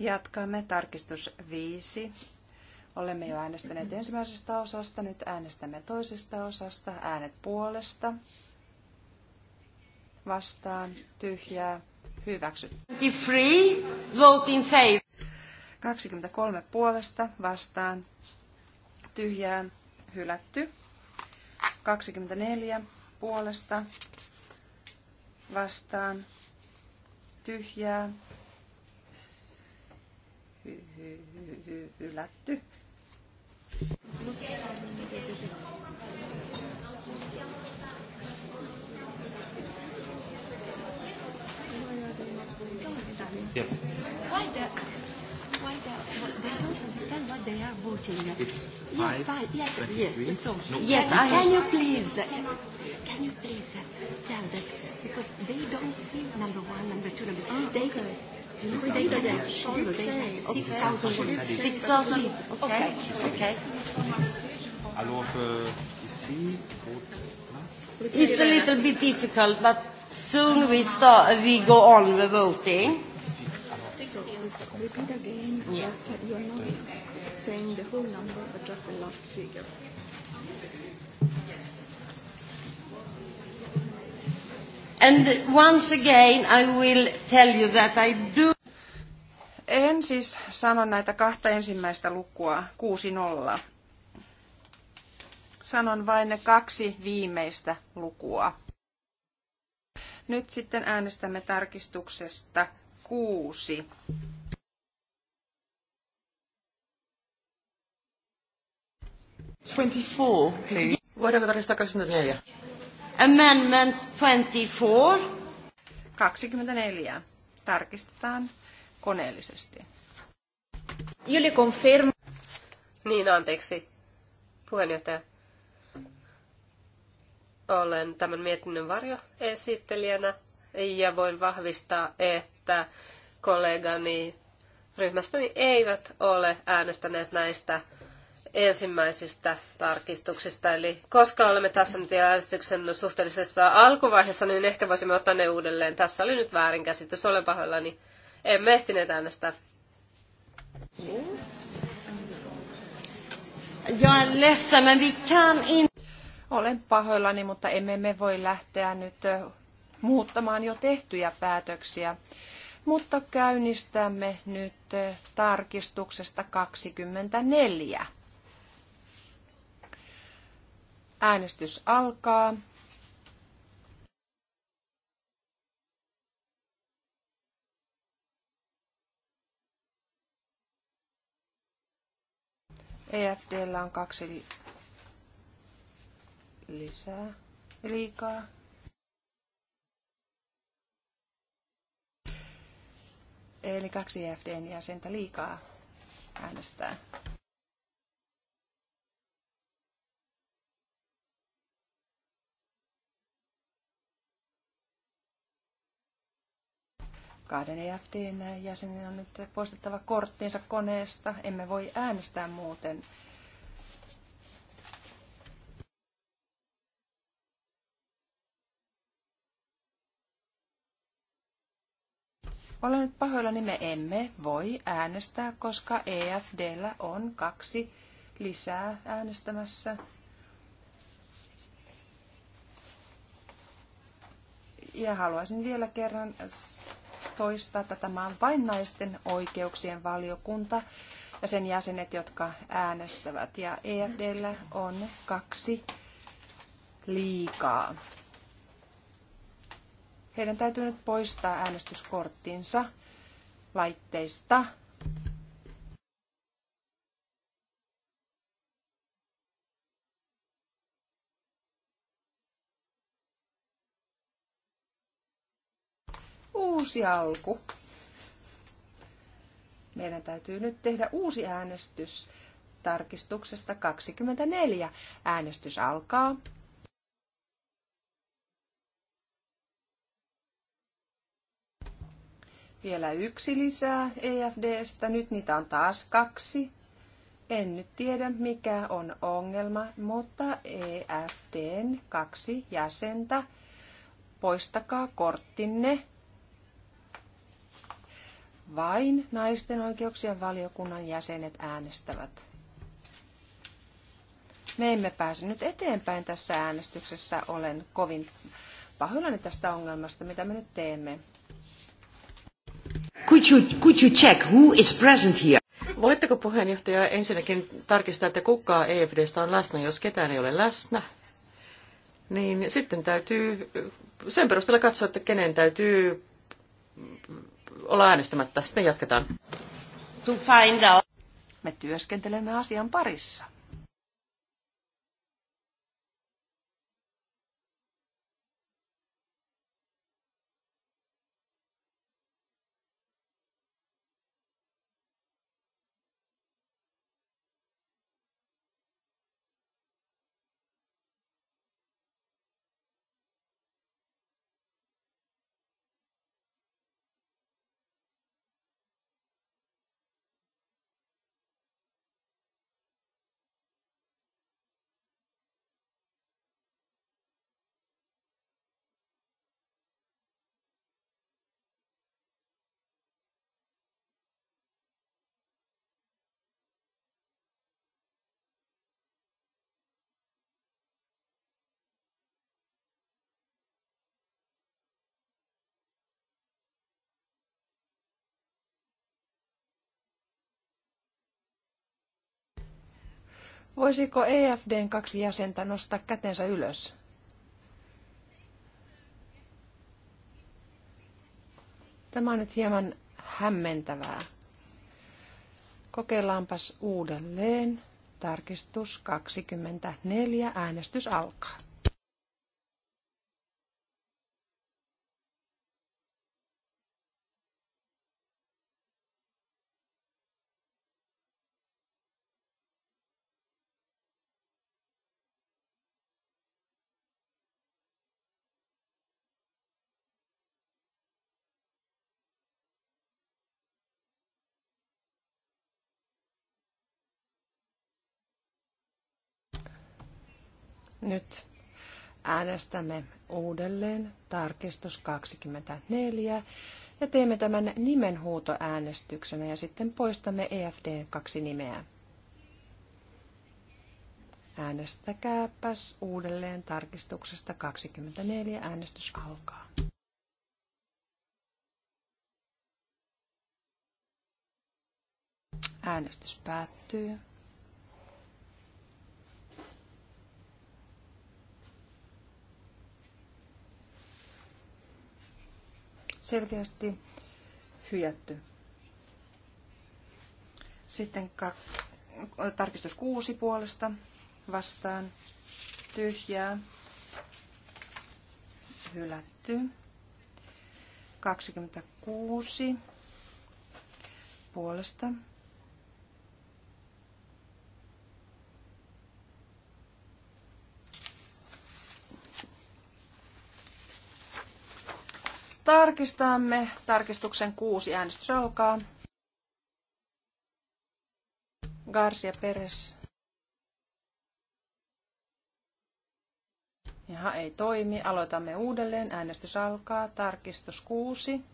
Jatkamme tarkistus 5. Olemme jo äänestäneet ensimmäisestä osasta, nyt äänestämme toisesta osasta. Äänet puolesta, vastaan, tyhjää, hyväksyt. 23, puolesta, vastaan, tyhjään, hylätty. 24 puolesta, vastaan, tyhjää, hylätty. Yes. Why the, why the, they don't understand what they are voting. It's five, yes, five, yes, 23? yes, so, no, yes. I can you please, can you please tell that because they don't see number one, number two, number three. Oh, they okay. It's a little bit difficult, but soon we start, uh, we go on with voting. Repeat again, yes. you are not saying the whole number, but just the last figure. And once again I will tell you that I do... En siis sano näitä kahta ensimmäistä lukua 6-0. Sanon vain ne kaksi viimeistä lukua. Nyt sitten äänestämme tarkistuksesta kuusi. Twenty-four, please. Voidaanko tarkistaa 24? Amendment 24. 24. Tarkistetaan koneellisesti. Juli confirm. Niin, anteeksi. Puheenjohtaja. Olen tämän mietinnön varjoesittelijänä ja voin vahvistaa, että kollegani ryhmästäni eivät ole äänestäneet näistä ensimmäisistä tarkistuksista. Eli koska olemme tässä nyt vielä äänestyksen suhteellisessa alkuvaiheessa, niin ehkä voisimme ottaa ne uudelleen. Tässä oli nyt väärinkäsitys, olen pahoillani. Emme ehtineet äänestää. Olen pahoillani, mutta emme me voi lähteä nyt muuttamaan jo tehtyjä päätöksiä. Mutta käynnistämme nyt tarkistuksesta 24. Äänestys alkaa. EFDllä on kaksi lisää, liikaa. Eli kaksi EFDn jäsentä liikaa äänestää. kahden EFTn jäsenen on nyt poistettava korttinsa koneesta. Emme voi äänestää muuten. Olen nyt pahoillani, niin me emme voi äänestää, koska EFDllä on kaksi lisää äänestämässä. Ja haluaisin vielä kerran toistaa, että tämä on vain naisten oikeuksien valiokunta ja sen jäsenet, jotka äänestävät. Ja EFDllä on kaksi liikaa. Heidän täytyy nyt poistaa äänestyskorttinsa laitteista uusi alku. Meidän täytyy nyt tehdä uusi äänestys tarkistuksesta 24. Äänestys alkaa. Vielä yksi lisää EFDstä. Nyt niitä on taas kaksi. En nyt tiedä, mikä on ongelma, mutta EFDn kaksi jäsentä. Poistakaa korttinne vain naisten oikeuksien valiokunnan jäsenet äänestävät. Me emme pääse nyt eteenpäin tässä äänestyksessä. Olen kovin pahoillani tästä ongelmasta, mitä me nyt teemme. Could you, could you check who is present here? Voitteko puheenjohtaja ensinnäkin tarkistaa, että kuka EFDstä on läsnä, jos ketään ei ole läsnä? Niin sitten täytyy sen perusteella katsoa, että kenen täytyy olla äänestämättä. Sitten jatketaan. To find out. Me työskentelemme asian parissa. Voisiko EFDn kaksi jäsentä nostaa kätensä ylös? Tämä on nyt hieman hämmentävää. Kokeillaanpas uudelleen. Tarkistus 24. Äänestys alkaa. nyt äänestämme uudelleen tarkistus 24 ja teemme tämän nimenhuutoäänestyksenä ja sitten poistamme EFD kaksi nimeä. Äänestäkääpäs uudelleen tarkistuksesta 24. Äänestys alkaa. Äänestys päättyy. selkeästi hyjätty Sitten tarkistus kuusi puolesta vastaan tyhjää hylätty. 26 puolesta Tarkistamme tarkistuksen kuusi. Äänestys alkaa. Garcia Perez. Jaha, ei toimi. Aloitamme uudelleen. Äänestys alkaa. Tarkistus kuusi.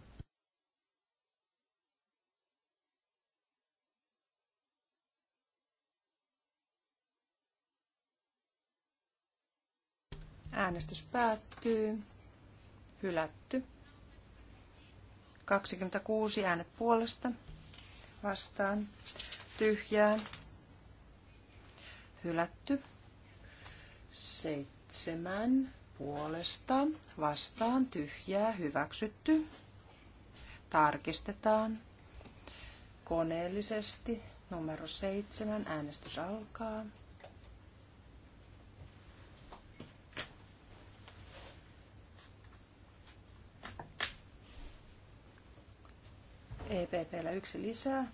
Äänestys päättyy. Hylätty. 26 äänet puolesta vastaan tyhjää hylätty. 7 puolesta vastaan tyhjää hyväksytty. Tarkistetaan koneellisesti. Numero 7 äänestys alkaa. EPPllä yksi lisää.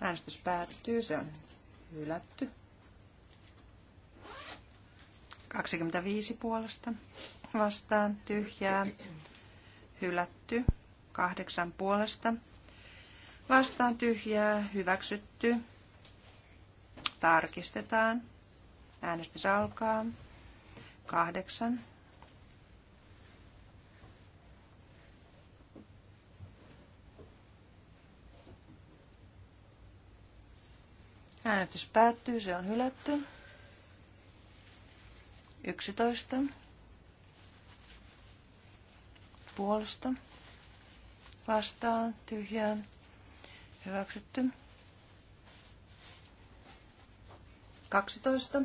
Äänestys päättyy, se on hylätty. 25 puolesta vastaan tyhjää, hylätty. 8 puolesta vastaan tyhjää, hyväksytty. Tarkistetaan. Äänestys alkaa. 8. Äänestys päättyy, se on hylätty. 11. Puolesta. Vastaan, tyhjään. Hyväksytty. 12.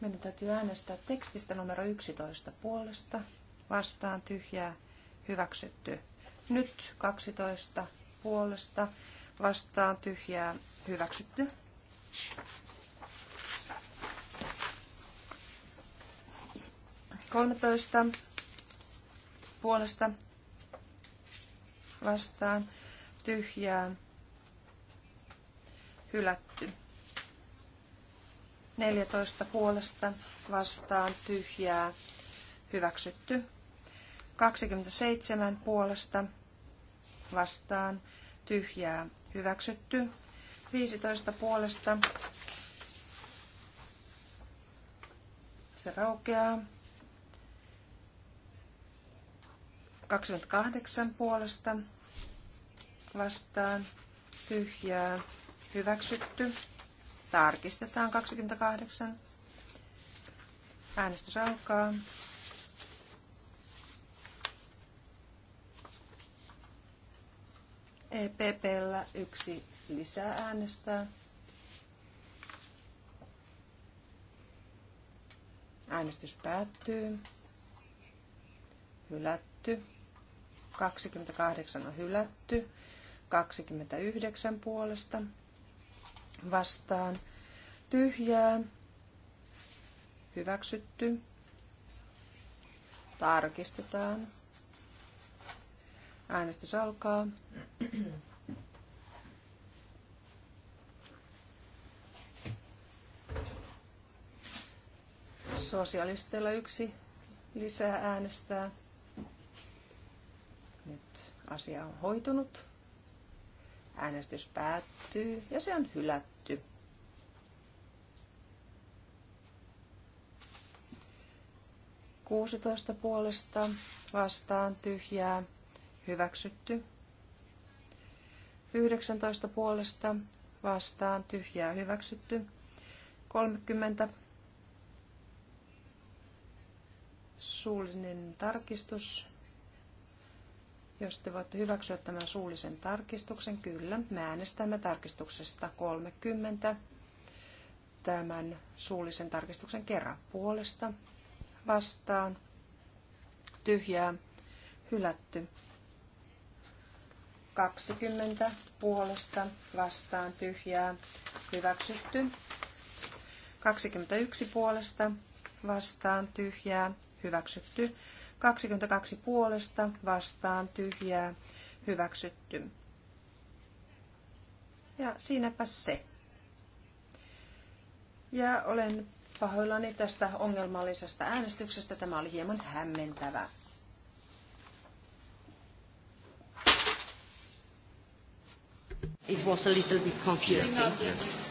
Meidän täytyy äänestää tekstistä numero 11 puolesta. Vastaan tyhjää hyväksytty. Nyt 12 puolesta vastaan tyhjää hyväksytty. Kolmetoista puolesta vastaan tyhjää hylätty. Neljätoista puolesta vastaan tyhjää hyväksytty. 27 puolesta vastaan tyhjää hyväksytty. 15 puolesta se raukeaa. 28 puolesta vastaan tyhjää hyväksytty. Tarkistetaan 28. Äänestys alkaa. EPPllä yksi lisää äänestää. Äänestys päättyy. Hylätty. 28 on hylätty. 29 puolesta vastaan. Tyhjää. Hyväksytty. Tarkistetaan. Äänestys alkaa. Sosialisteilla yksi lisää äänestää. Nyt asia on hoitunut. Äänestys päättyy ja se on hylätty. Kuusitoista puolesta vastaan tyhjää hyväksytty. 19 puolesta vastaan tyhjää hyväksytty. 30 suullinen tarkistus. Jos te voitte hyväksyä tämän suullisen tarkistuksen, kyllä, me äänestämme tarkistuksesta 30 tämän suullisen tarkistuksen kerran puolesta vastaan tyhjää hylätty. 20 puolesta vastaan tyhjää hyväksytty. 21 puolesta vastaan tyhjää hyväksytty. 22 puolesta vastaan tyhjää hyväksytty. Ja siinäpä se. Ja olen pahoillani tästä ongelmallisesta äänestyksestä. Tämä oli hieman hämmentävä. It was a little bit confusing. Yes.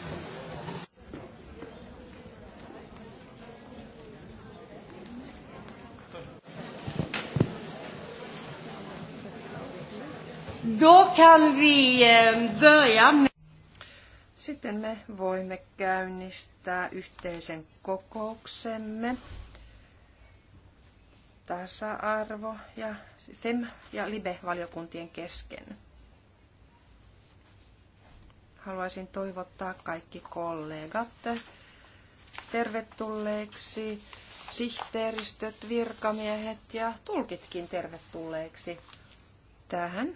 Då kan vi eh, börja med... Sitten me voimme käynnistää yhteisen kokouksemme. Tasa-arvo ja FEM- ja LIBE-valiokuntien kesken haluaisin toivottaa kaikki kollegat tervetulleeksi, sihteeristöt, virkamiehet ja tulkitkin tervetulleeksi tähän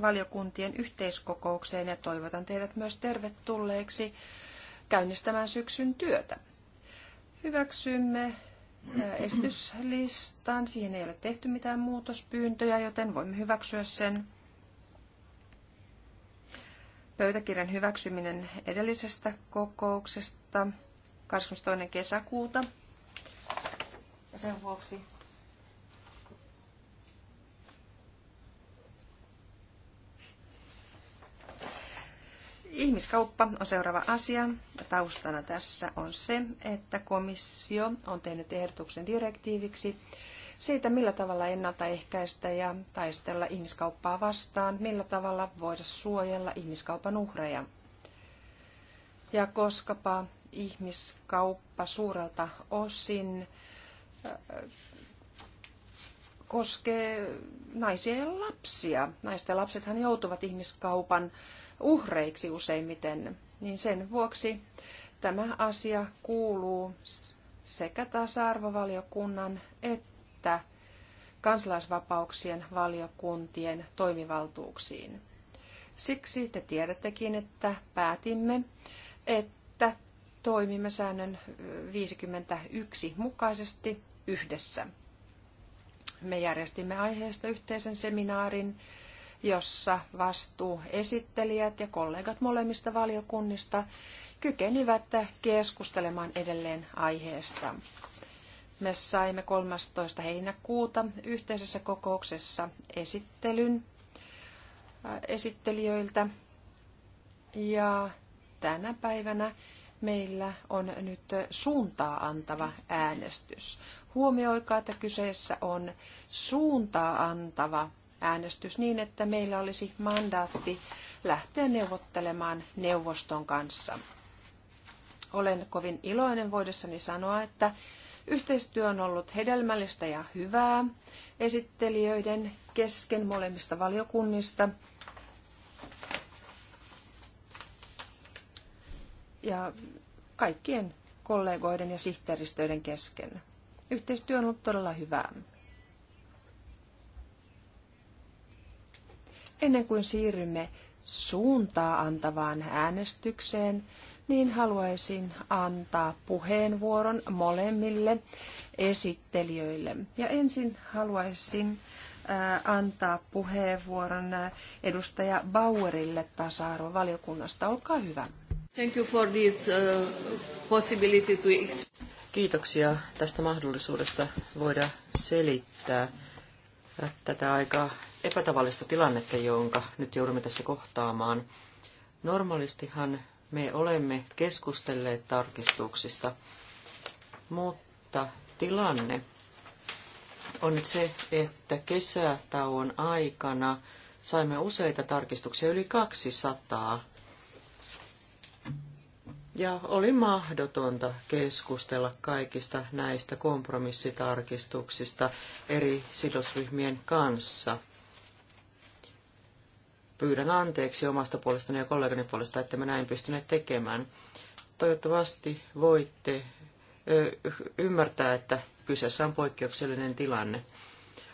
valiokuntien yhteiskokoukseen ja toivotan teidät myös tervetulleeksi käynnistämään syksyn työtä. Hyväksymme äh, esityslistan. Siihen ei ole tehty mitään muutospyyntöjä, joten voimme hyväksyä sen. Pöytäkirjan hyväksyminen edellisestä kokouksesta 22. kesäkuuta. Ja sen vuoksi Ihmiskauppa on seuraava asia. Taustana tässä on se, että komissio on tehnyt ehdotuksen direktiiviksi siitä, millä tavalla ennaltaehkäistä ja taistella ihmiskauppaa vastaan, millä tavalla voida suojella ihmiskaupan uhreja. Ja koskapa ihmiskauppa suurelta osin äh, koskee naisia ja lapsia. Naiset ja lapsethan joutuvat ihmiskaupan uhreiksi useimmiten, niin sen vuoksi tämä asia kuuluu sekä tasa-arvovaliokunnan että että kansalaisvapauksien valiokuntien toimivaltuuksiin. Siksi te tiedättekin, että päätimme, että toimimme säännön 51 mukaisesti yhdessä. Me järjestimme aiheesta yhteisen seminaarin, jossa vastuuesittelijät ja kollegat molemmista valiokunnista kykenivät keskustelemaan edelleen aiheesta me saimme 13. heinäkuuta yhteisessä kokouksessa esittelyn esittelijöiltä. Ja tänä päivänä meillä on nyt suuntaa antava äänestys. Huomioikaa, että kyseessä on suuntaa antava äänestys niin, että meillä olisi mandaatti lähteä neuvottelemaan neuvoston kanssa. Olen kovin iloinen voidessani sanoa, että Yhteistyö on ollut hedelmällistä ja hyvää esittelijöiden kesken molemmista valiokunnista. Ja kaikkien kollegoiden ja sihteeristöiden kesken. Yhteistyö on ollut todella hyvää. Ennen kuin siirrymme suuntaa antavaan äänestykseen, niin haluaisin antaa puheenvuoron molemmille esittelijöille. Ja ensin haluaisin äh, antaa puheenvuoron äh, edustaja Bauerille tasa-arvovaliokunnasta. Olkaa hyvä. Thank you for this, uh, possibility to... Kiitoksia tästä mahdollisuudesta voida selittää äh, tätä aika epätavallista tilannetta, jonka nyt joudumme tässä kohtaamaan. Normaalistihan me olemme keskustelleet tarkistuksista, mutta tilanne on nyt se, että kesätauon aikana saimme useita tarkistuksia, yli 200. Ja oli mahdotonta keskustella kaikista näistä kompromissitarkistuksista eri sidosryhmien kanssa – Pyydän anteeksi omasta puolestani ja kollegani puolesta, että me näin pystyneet tekemään. Toivottavasti voitte ymmärtää, että kyseessä on poikkeuksellinen tilanne.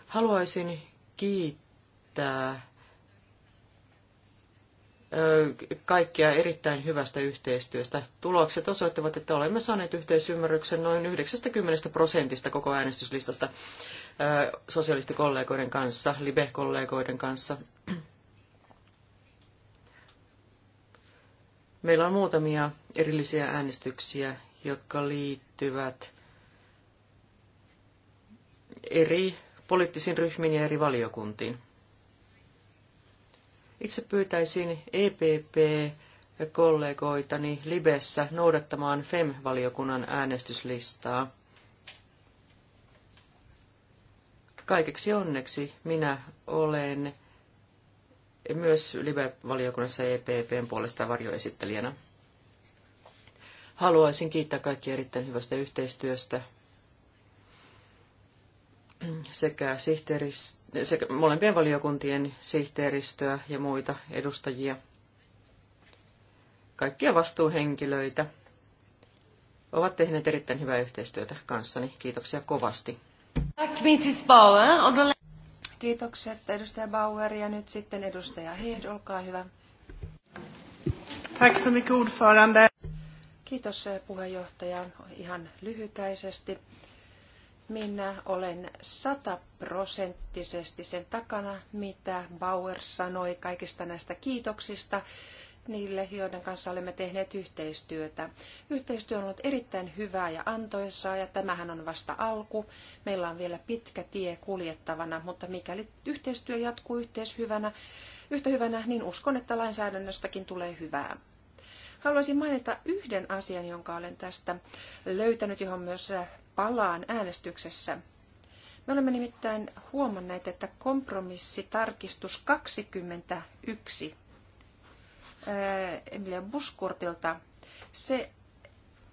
Haluaisin kiittää kaikkia erittäin hyvästä yhteistyöstä. Tulokset osoittavat, että olemme saaneet yhteisymmärryksen noin 90 prosentista koko äänestyslistasta sosialistikollegoiden kanssa, Libe-kollegoiden kanssa. Meillä on muutamia erillisiä äänestyksiä, jotka liittyvät eri poliittisiin ryhmiin ja eri valiokuntiin. Itse pyytäisin EPP-kollegoitani Libessä noudattamaan FEM-valiokunnan äänestyslistaa. Kaikeksi onneksi minä olen myös Live-valiokunnassa EPPn puolesta varjoesittelijänä. Haluaisin kiittää kaikkia erittäin hyvästä yhteistyöstä sekä, sekä molempien valiokuntien sihteeristöä ja muita edustajia, kaikkia vastuuhenkilöitä. Ovat tehneet erittäin hyvää yhteistyötä kanssani. Kiitoksia kovasti. Tack, Mrs. Bauer. Kiitokset edustaja Bauer ja nyt sitten edustaja Heed, olkaa hyvä. Tack så mycket ordförande. Kiitos eh, puheenjohtaja ihan lyhykäisesti. Minä olen sataprosenttisesti sen takana, mitä Bauer sanoi kaikista näistä kiitoksista niille, joiden kanssa olemme tehneet yhteistyötä. Yhteistyö on ollut erittäin hyvää ja antoisaa ja tämähän on vasta alku. Meillä on vielä pitkä tie kuljettavana, mutta mikäli yhteistyö jatkuu yhteishyvänä, yhtä hyvänä, niin uskon, että lainsäädännöstäkin tulee hyvää. Haluaisin mainita yhden asian, jonka olen tästä löytänyt, johon myös palaan äänestyksessä. Me olemme nimittäin huomanneet, että kompromissitarkistus 21 Emilia Buskurtilta. Se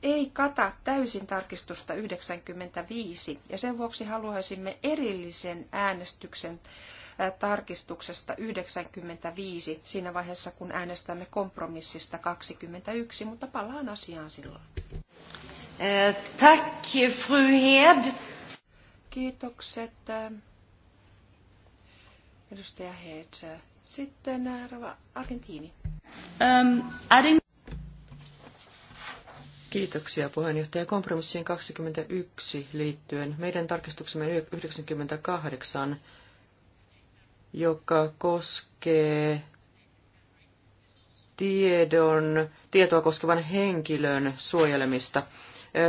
ei kata täysin tarkistusta 95 ja sen vuoksi haluaisimme erillisen äänestyksen tarkistuksesta 95 siinä vaiheessa, kun äänestämme kompromissista 21, mutta palaan asiaan silloin. Tack, fru Hed. Kiitokset. Edustaja Hed. Sitten äh, Rava Argentiini. Um, ähm, adding... Kiitoksia puheenjohtaja. Kompromissiin 21 liittyen meidän tarkistuksemme 98, joka koskee tiedon, tietoa koskevan henkilön suojelemista. Äh,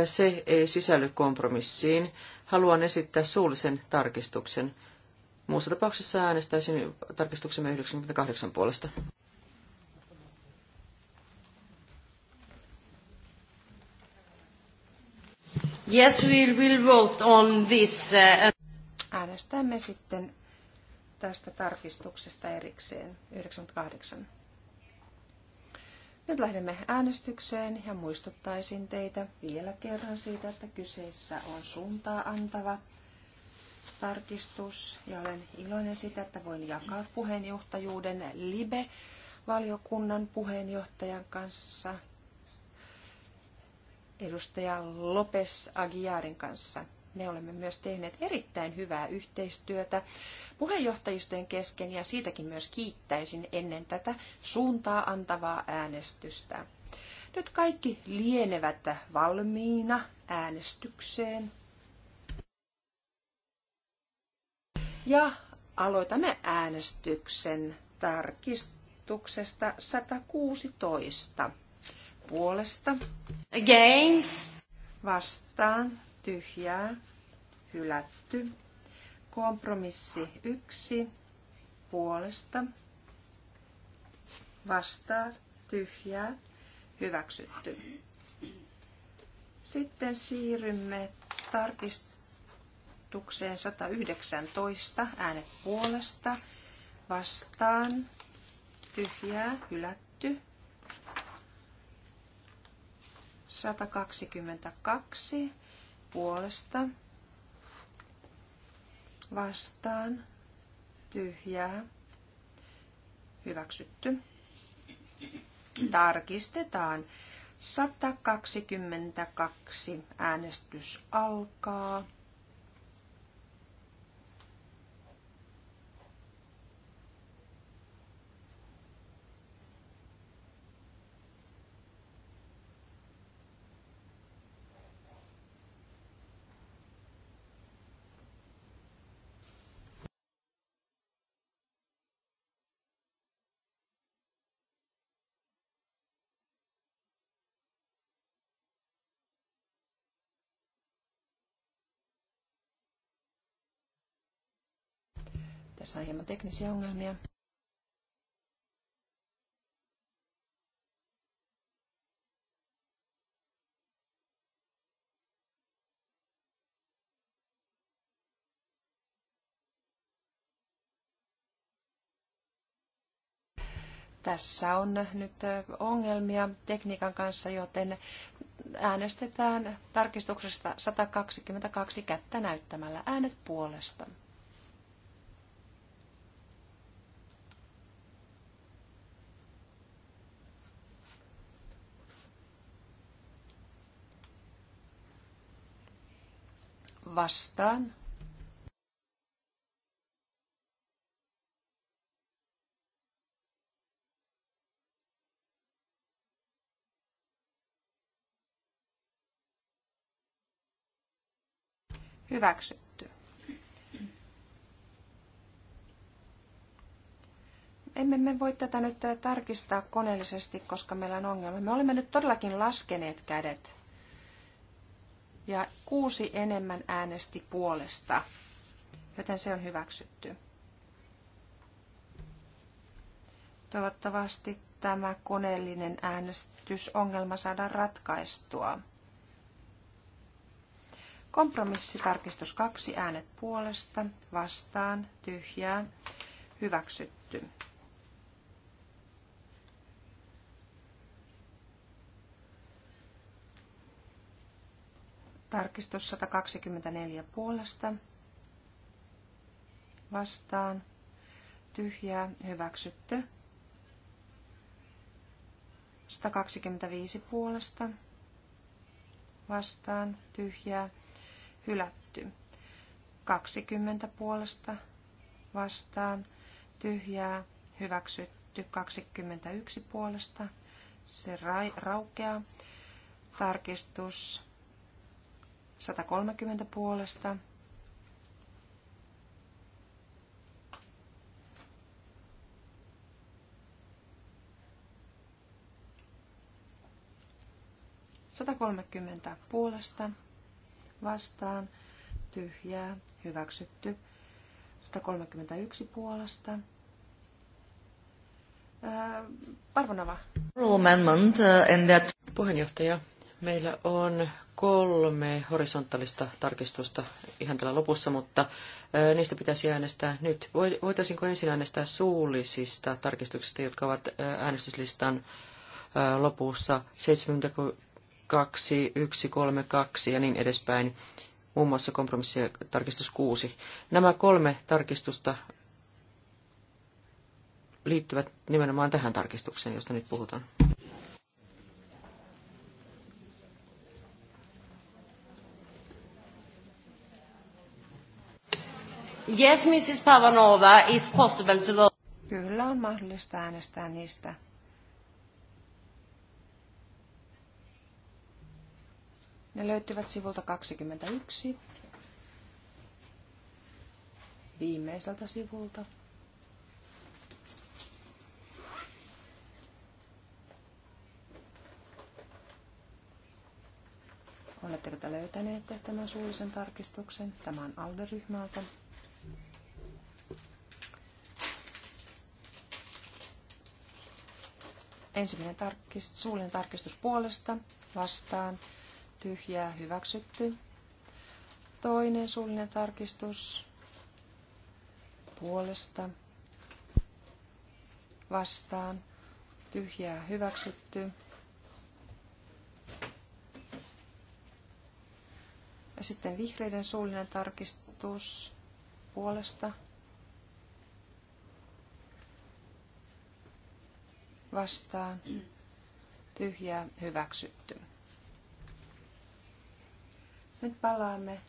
se ei sisälly kompromissiin. Haluan esittää suullisen tarkistuksen. Muussa tapauksessa äänestäisin tarkistuksemme 98 puolesta. Yes, we will vote on this. Uh, Äänestämme sitten tästä tarkistuksesta erikseen 98. Nyt lähdemme äänestykseen ja muistuttaisin teitä vielä kerran siitä, että kyseessä on suuntaa antava tarkistus ja olen iloinen siitä, että voin jakaa puheenjohtajuuden LIBE-valiokunnan puheenjohtajan kanssa, edustaja Lopes Aguiarin kanssa. Me olemme myös tehneet erittäin hyvää yhteistyötä puheenjohtajistojen kesken ja siitäkin myös kiittäisin ennen tätä suuntaa antavaa äänestystä. Nyt kaikki lienevät valmiina äänestykseen. Ja aloitamme äänestyksen tarkistuksesta 116. Puolesta. Against. Vastaan. Tyhjää. Hylätty. Kompromissi 1. Puolesta. Vastaan. Tyhjää. Hyväksytty. Sitten siirrymme tarkistukseen ehdotukseen 119 äänet puolesta vastaan tyhjää hylätty. 122 puolesta vastaan tyhjää hyväksytty. Tarkistetaan. 122 äänestys alkaa. Tässä on hieman teknisiä ongelmia. tässä on nyt ongelmia tekniikan kanssa, joten äänestetään tarkistuksesta 122 kättä näyttämällä äänet puolesta. vastaan. Hyväksytty. Emme me voi tätä nyt tarkistaa koneellisesti, koska meillä on ongelma. Me olemme nyt todellakin laskeneet kädet ja kuusi enemmän äänesti puolesta, joten se on hyväksytty. Toivottavasti tämä koneellinen äänestysongelma saadaan ratkaistua. Kompromissitarkistus kaksi äänet puolesta, vastaan, tyhjää, hyväksytty. Tarkistus 124 puolesta. Vastaan. Tyhjää. Hyväksytty. 125 puolesta. Vastaan. Tyhjää. Hylätty. 20 puolesta. Vastaan. Tyhjää. Hyväksytty. 21 puolesta. Se ra- raukeaa. Tarkistus 130 puolesta. Sata kolmekymmentä puolesta vastaan tyhjää hyväksytty. Sata kolmekymmentä yksi puolesta. Parvonava. Uh, Puheenjohtaja Meillä on kolme horisontaalista tarkistusta ihan tällä lopussa, mutta niistä pitäisi äänestää nyt. Voitaisinko ensin äänestää suullisista tarkistuksista, jotka ovat äänestyslistan lopussa 72, ja niin edespäin, muun muassa kompromissi tarkistus 6. Nämä kolme tarkistusta liittyvät nimenomaan tähän tarkistukseen, josta nyt puhutaan. Yes, Mrs. Pavanova, it's possible to vote. Kyllä on mahdollista äänestää niistä. Ne löytyvät sivulta 21, viimeiseltä sivulta. Oletteko te löytäneet tämän suullisen tarkistuksen? Tämä on alderyhmältä. ryhmältä Ensimmäinen tarkist, suullinen tarkistus puolesta, vastaan, tyhjää, hyväksytty. Toinen suullinen tarkistus puolesta, vastaan, tyhjää, hyväksytty. Ja sitten vihreiden suullinen tarkistus puolesta, vastaan, tyhjää, hyväksytty. Nyt palaamme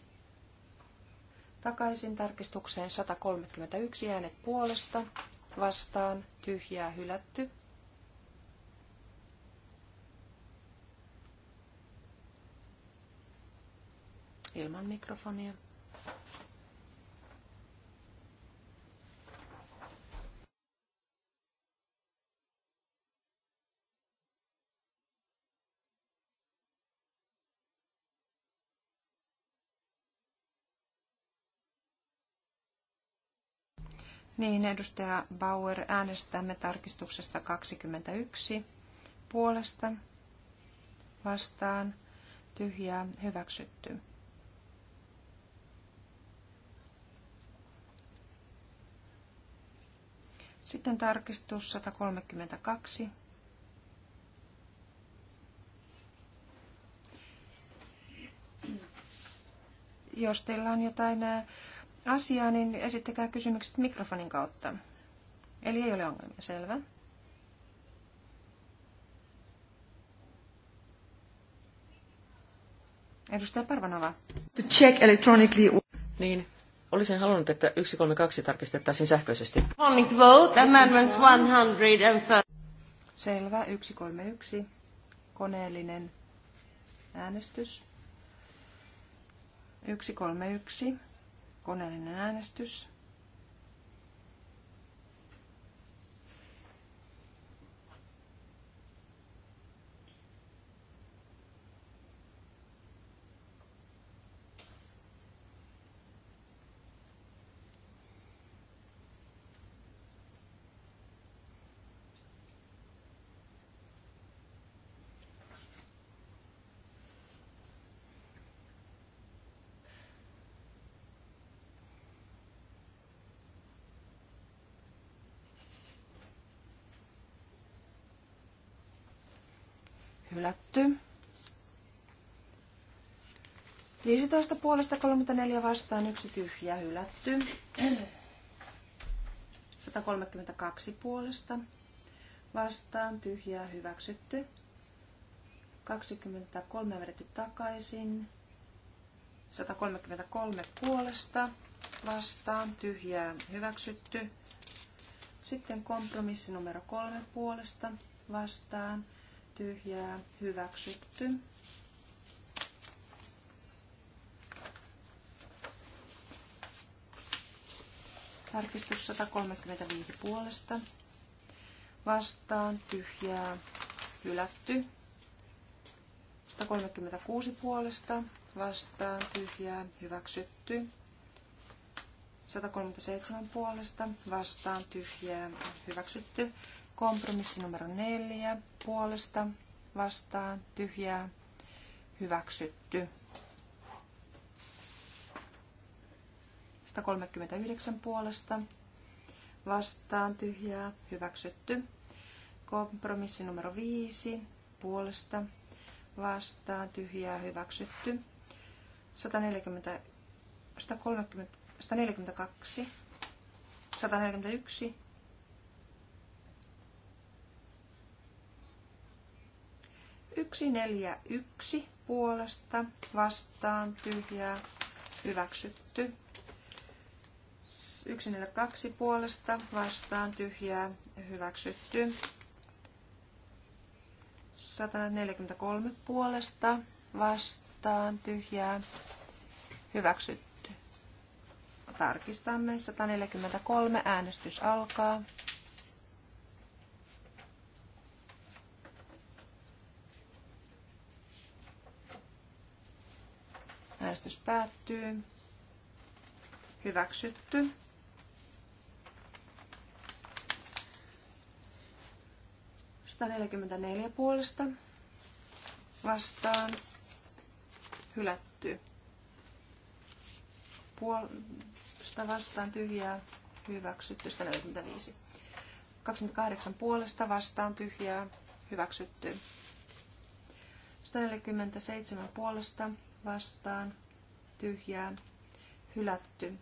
takaisin tarkistukseen 131 äänet puolesta, vastaan, tyhjää, hylätty. Ilman mikrofonia. Niin, edustaja Bauer, äänestämme tarkistuksesta 21 puolesta vastaan tyhjää hyväksytty. Sitten tarkistus 132. Jos teillä on jotain äh, asiaa, niin esittäkää kysymykset mikrofonin kautta. Eli ei ole ongelmia, selvä. Edustaja Parvanova. To check electronically. Niin, olisin halunnut, että 132 tarkistettaisiin sähköisesti. Electronic vote, amendments 130. Selvä, 131. Koneellinen äänestys. 131. Koneellinen äänestys. hylätty. 15 puolesta 34 vastaan, yksi tyhjä hylätty. 132 puolesta vastaan, tyhjää hyväksytty. 23 vedetty takaisin. 133 puolesta vastaan, tyhjää hyväksytty. Sitten kompromissi numero 3 puolesta vastaan, tyhjää, hyväksytty. Tarkistus 135 puolesta. Vastaan tyhjää, hylätty. 136 puolesta. Vastaan tyhjää, hyväksytty. 137 puolesta. Vastaan tyhjää, hyväksytty. Kompromissi numero neljä puolesta vastaan tyhjää hyväksytty. 139 puolesta vastaan tyhjää hyväksytty. Kompromissi numero viisi puolesta vastaan tyhjää hyväksytty. 140, 130, 142, 141 141 puolesta vastaan tyhjää hyväksytty. 142 puolesta vastaan tyhjää hyväksytty. 143 puolesta vastaan tyhjää hyväksytty. Tarkistamme 143 äänestys alkaa. Äänestys päättyy. Hyväksytty. neljä puolesta vastaan hylätty. Puolesta vastaan tyhjää hyväksytty 145. 28 puolesta vastaan tyhjää hyväksytty. 147 puolesta vastaan, tyhjää, hylätty.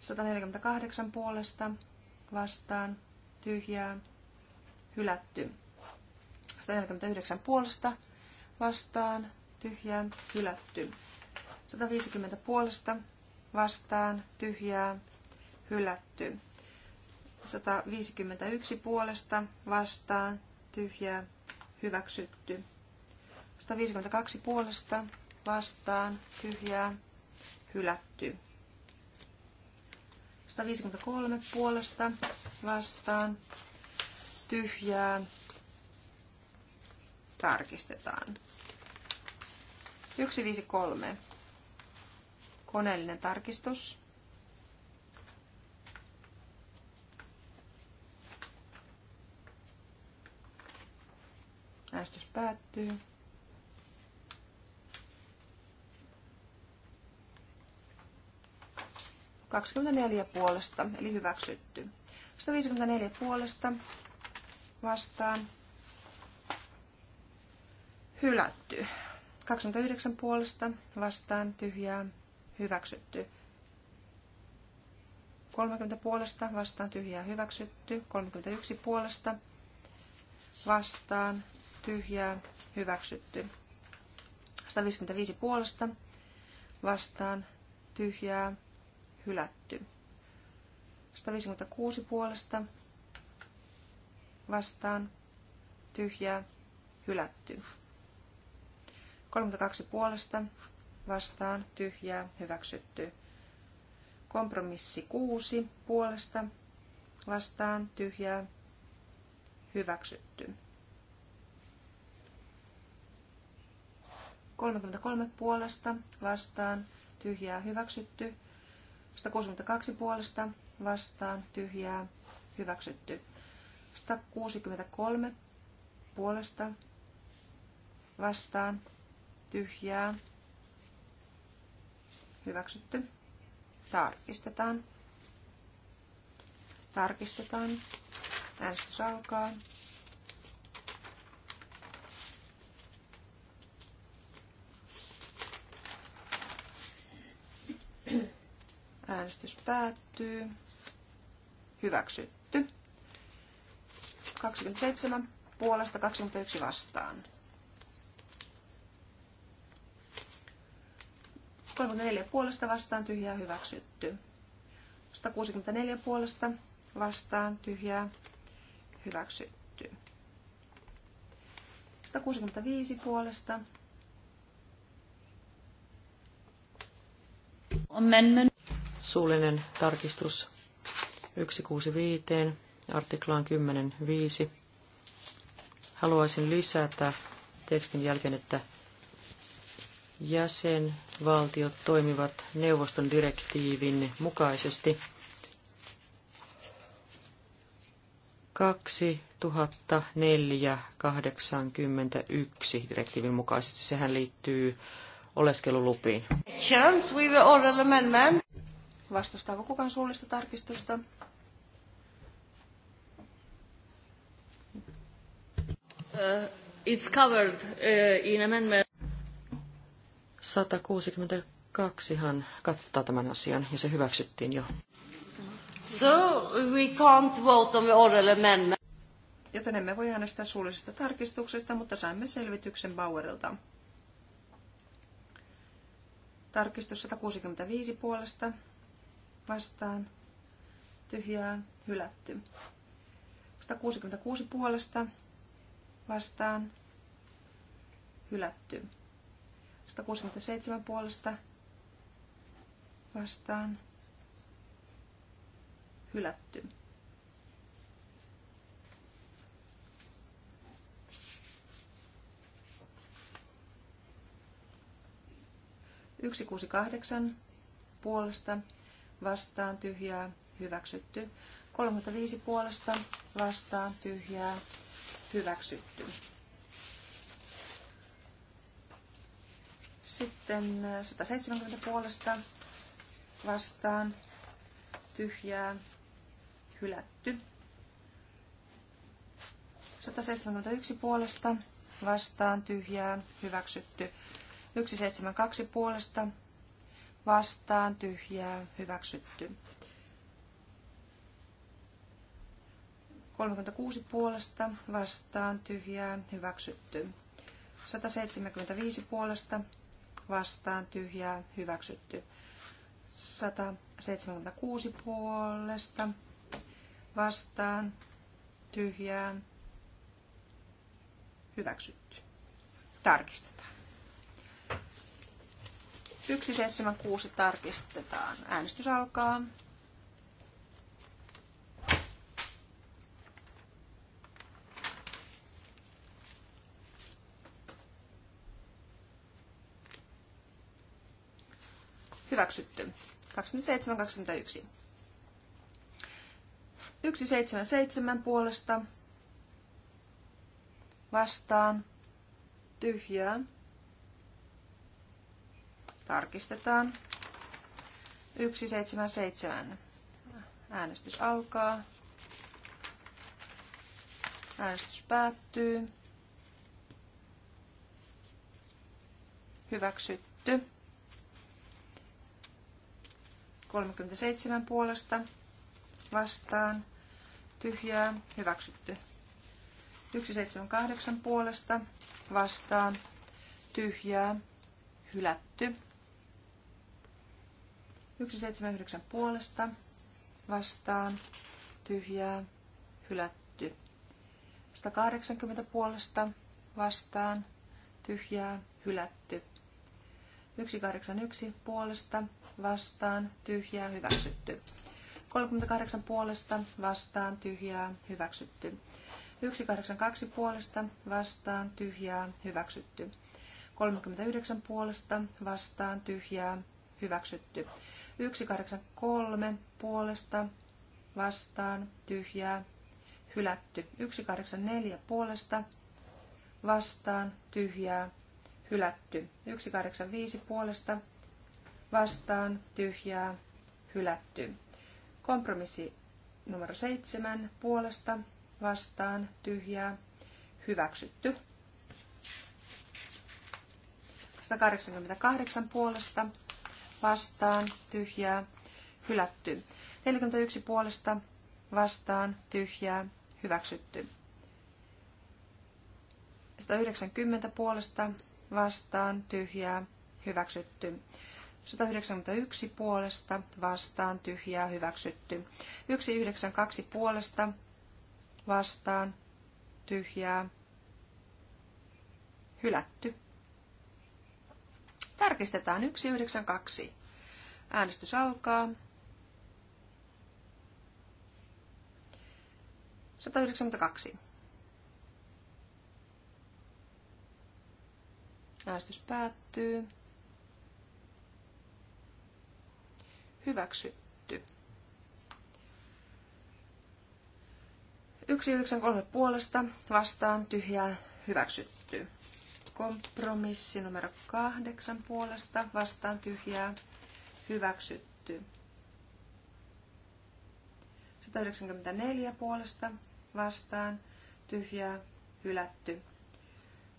148 puolesta vastaan, tyhjää, hylätty. 149 puolesta vastaan, tyhjää, hylätty. 150 puolesta vastaan, tyhjää, hylätty. 151 puolesta vastaan, tyhjää, hyväksytty. 152 puolesta vastaan tyhjää hylätty. 153 puolesta vastaan tyhjää tarkistetaan. 153 koneellinen tarkistus. Äänestys päättyy. 24 puolesta, eli hyväksytty. 154 puolesta vastaan hylätty. 29 puolesta vastaan tyhjää hyväksytty. 30 puolesta vastaan tyhjää hyväksytty. 31 puolesta vastaan tyhjää hyväksytty. 155 puolesta vastaan tyhjää hylätty. 156 puolesta vastaan tyhjää hylätty. 32 puolesta vastaan tyhjää hyväksytty. Kompromissi 6 puolesta vastaan tyhjää hyväksytty. 33 puolesta vastaan tyhjää hyväksytty. 162 puolesta vastaan tyhjää hyväksytty. 163 puolesta vastaan tyhjää hyväksytty. Tarkistetaan. Tarkistetaan. Äänestys alkaa. Äänestys päättyy. Hyväksytty. 27 puolesta 21 vastaan. 34 puolesta vastaan tyhjää hyväksytty. 164 puolesta vastaan tyhjää hyväksytty. 165 puolesta. Amendment Suullinen tarkistus 165 artiklaan 10.5. Haluaisin lisätä tekstin jälkeen, että jäsenvaltiot toimivat neuvoston direktiivin mukaisesti. 2004-81 direktiivin mukaisesti. Sehän liittyy oleskelulupiin. Vastustaako kukaan suullista tarkistusta? Uh, it's covered uh, in amendment. 162 hän kattaa tämän asian ja se hyväksyttiin jo. So we can't vote on the oral amendment. Joten emme voi äänestää suullisesta tarkistuksesta, mutta saimme selvityksen Bauerilta. Tarkistus 165 puolesta vastaan tyhjää hylätty. 166 puolesta vastaan hylätty. 167 puolesta vastaan hylätty. Yksi kuusi kahdeksan puolesta vastaan tyhjää, hyväksytty. 35 puolesta vastaan tyhjää, hyväksytty. Sitten 170 äh, puolesta vastaan tyhjää, hylätty. 171 puolesta vastaan tyhjää, hyväksytty. 172 puolesta vastaan tyhjää hyväksytty. 36 puolesta vastaan tyhjää hyväksytty. 175 puolesta vastaan tyhjää hyväksytty. 176 puolesta vastaan tyhjää hyväksytty. Tarkista. 176 tarkistetaan. Äänestys alkaa. Hyväksytty. 27.21. 177 puolesta vastaan tyhjää Tarkistetaan. 177. Äänestys alkaa. Äänestys päättyy. Hyväksytty. 37 puolesta vastaan. Tyhjää. Hyväksytty. 178 puolesta vastaan. Tyhjää. Hylätty. 179 puolesta vastaan tyhjää hylätty. 180 puolesta vastaan tyhjää hylätty. 181 puolesta vastaan tyhjää hyväksytty. 38 puolesta vastaan tyhjää hyväksytty. 182 puolesta vastaan tyhjää hyväksytty. 39 puolesta vastaan tyhjää hyväksytty. 183 puolesta vastaan tyhjää hylätty. 184 puolesta vastaan tyhjää hylätty. 185 puolesta vastaan tyhjää hylätty. Kompromissi numero 7 puolesta vastaan tyhjää hyväksytty. 188 puolesta vastaan, tyhjää, hylätty. 41 puolesta vastaan, tyhjää, hyväksytty. 190 puolesta vastaan, tyhjää, hyväksytty. 191 puolesta vastaan, tyhjää, hyväksytty. 192 puolesta vastaan, tyhjää, hylätty. Tarkistetaan 192. Äänestys alkaa. 192. Äänestys päättyy. Hyväksytty. 193 puolesta vastaan tyhjää hyväksytty. Kompromissi numero kahdeksan puolesta vastaan tyhjää hyväksytty. 194 puolesta vastaan tyhjää hylätty.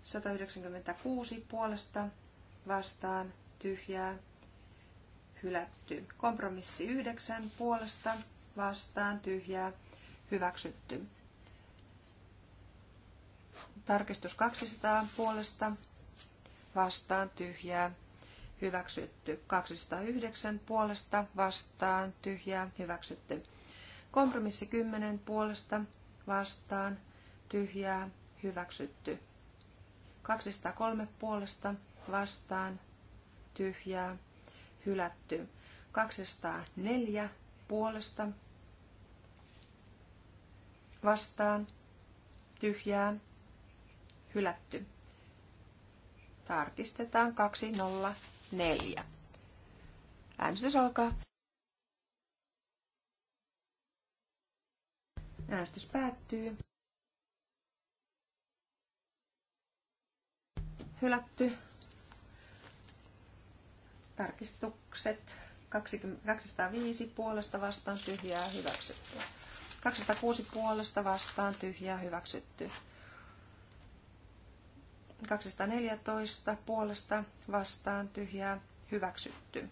196 puolesta vastaan tyhjää hylätty. Kompromissi 9 puolesta vastaan tyhjää hyväksytty. Tarkistus 200 puolesta vastaan tyhjää hyväksytty. 209 puolesta vastaan tyhjää hyväksytty. Kompromissi 10 puolesta vastaan tyhjää hyväksytty. 203 puolesta vastaan tyhjää hylätty. 204 puolesta vastaan tyhjää hylätty. Tarkistetaan 204. Äänestys alkaa. Äänestys päättyy. Hylätty. Tarkistukset 205 puolesta vastaan tyhjää hyväksytty. 206 puolesta vastaan tyhjää hyväksytty. 214 puolesta vastaan tyhjää hyväksytty.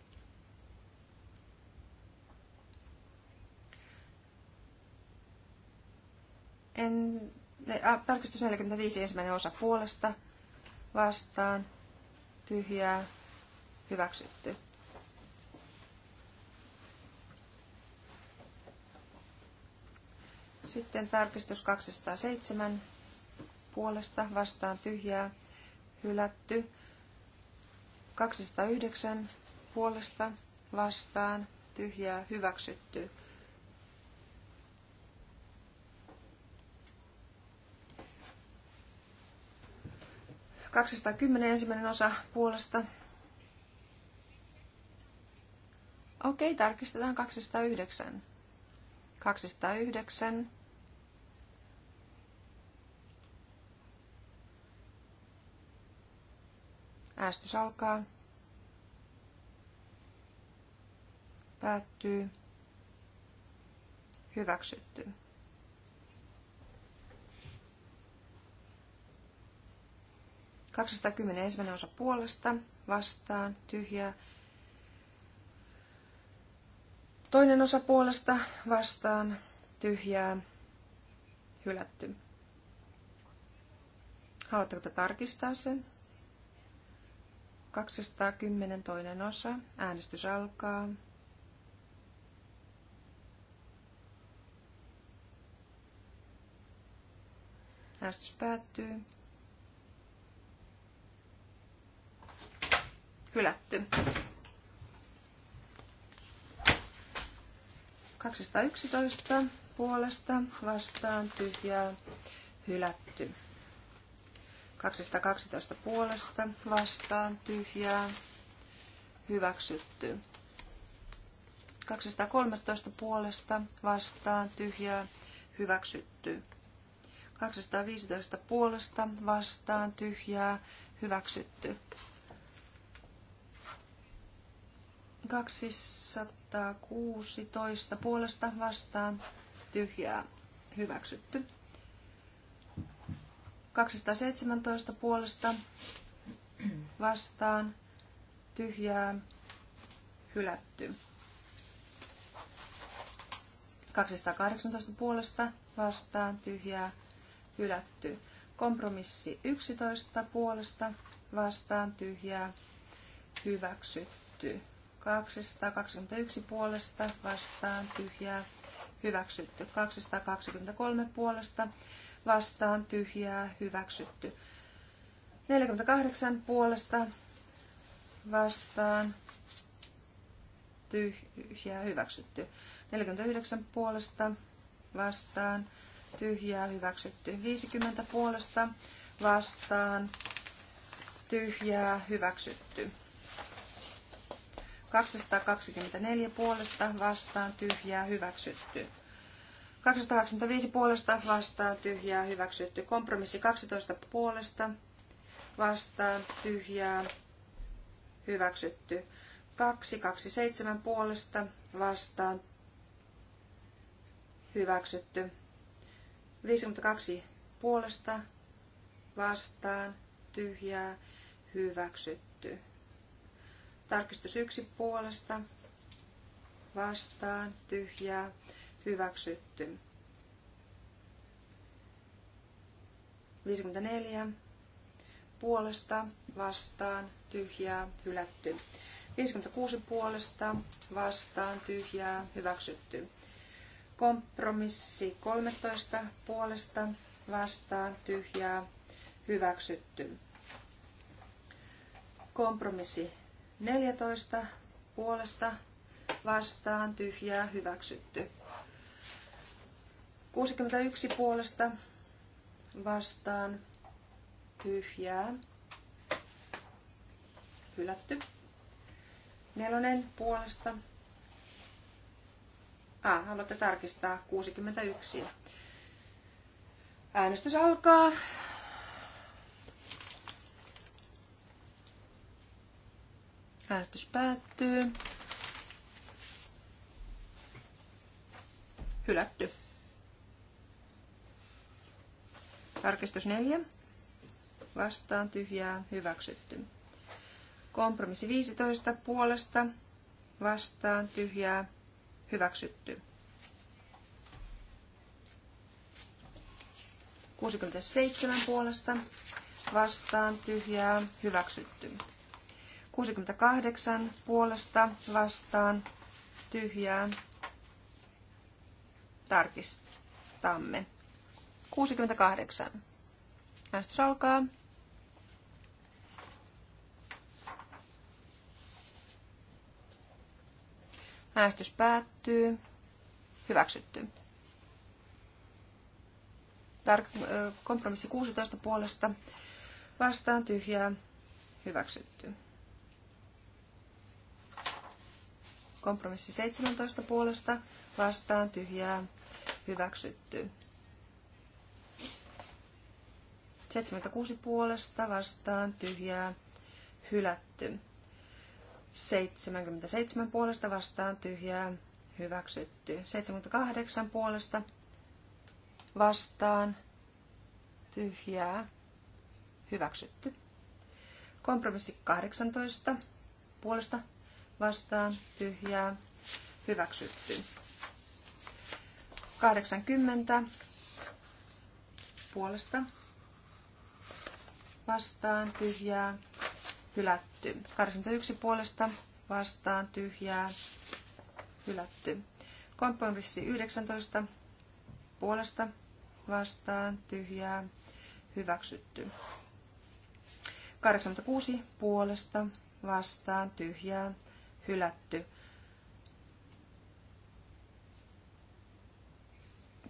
En, äh, tarkistus 45 ensimmäinen osa puolesta vastaan tyhjää hyväksytty. Sitten tarkistus 207 puolesta vastaan tyhjää hylätty. 209 puolesta vastaan tyhjää hyväksytty. kymmenen ensimmäinen osa puolesta. Okei, tarkistetaan 209. 209. äästys alkaa. Päättyy. Hyväksytty. ensimmäinen osa puolesta, vastaan, tyhjää. Toinen osa puolesta, vastaan, tyhjää, hylätty. Haluatteko te tarkistaa sen? 210 toinen osa. Äänestys alkaa. Äänestys päättyy. Hylätty. 211 puolesta vastaan tyhjää hylätty. 212 puolesta vastaan tyhjää hyväksytty. 213 puolesta vastaan tyhjää hyväksytty. 215 puolesta vastaan tyhjää hyväksytty. 216 puolesta vastaan tyhjää hyväksytty. 217 puolesta vastaan tyhjää hylätty. 218 puolesta vastaan tyhjää hylätty. Kompromissi 11 puolesta vastaan tyhjää hyväksytty. 221 puolesta vastaan tyhjää hyväksytty. 223 puolesta vastaan tyhjää hyväksytty. 48 puolesta vastaan tyhjää hyväksytty. 49 puolesta vastaan tyhjää hyväksytty. 50 puolesta vastaan tyhjää hyväksytty. 224 puolesta vastaan tyhjää hyväksytty. 285 puolesta vastaan tyhjää hyväksytty. Kompromissi 12 puolesta vastaan tyhjää hyväksytty. 227 puolesta vastaan hyväksytty. 52 puolesta vastaan tyhjää hyväksytty. Tarkistus 1 puolesta vastaan tyhjää hyväksytty. 54 puolesta vastaan tyhjää hylätty. 56 puolesta vastaan tyhjää hyväksytty. Kompromissi 13 puolesta vastaan tyhjää hyväksytty. Kompromissi 14 puolesta vastaan tyhjää hyväksytty. 61 puolesta vastaan tyhjää. Hylätty. Nelonen puolesta. Ah, haluatte tarkistaa 61. Äänestys alkaa. Äänestys päättyy. Hylätty. Tarkistus 4. Vastaan tyhjää hyväksytty. Kompromissi 15 puolesta vastaan tyhjää hyväksytty. 67 puolesta vastaan tyhjää hyväksytty. 68 puolesta vastaan tyhjää tarkistamme. 68. Äänestys alkaa. Äänestys päättyy. Hyväksytty. Tar- kompromissi 16 puolesta. Vastaan tyhjää. Hyväksytty. Kompromissi 17 puolesta. Vastaan tyhjää. Hyväksytty. 76 puolesta vastaan tyhjää hylätty. 77 puolesta vastaan tyhjää hyväksytty. 78 puolesta vastaan tyhjää hyväksytty. Kompromissi 18 puolesta vastaan tyhjää hyväksytty. 80 puolesta vastaan tyhjää hylätty. yksi puolesta vastaan tyhjää hylätty. Kompromissi 19 puolesta vastaan tyhjää hyväksytty. 86 puolesta vastaan tyhjää hylätty.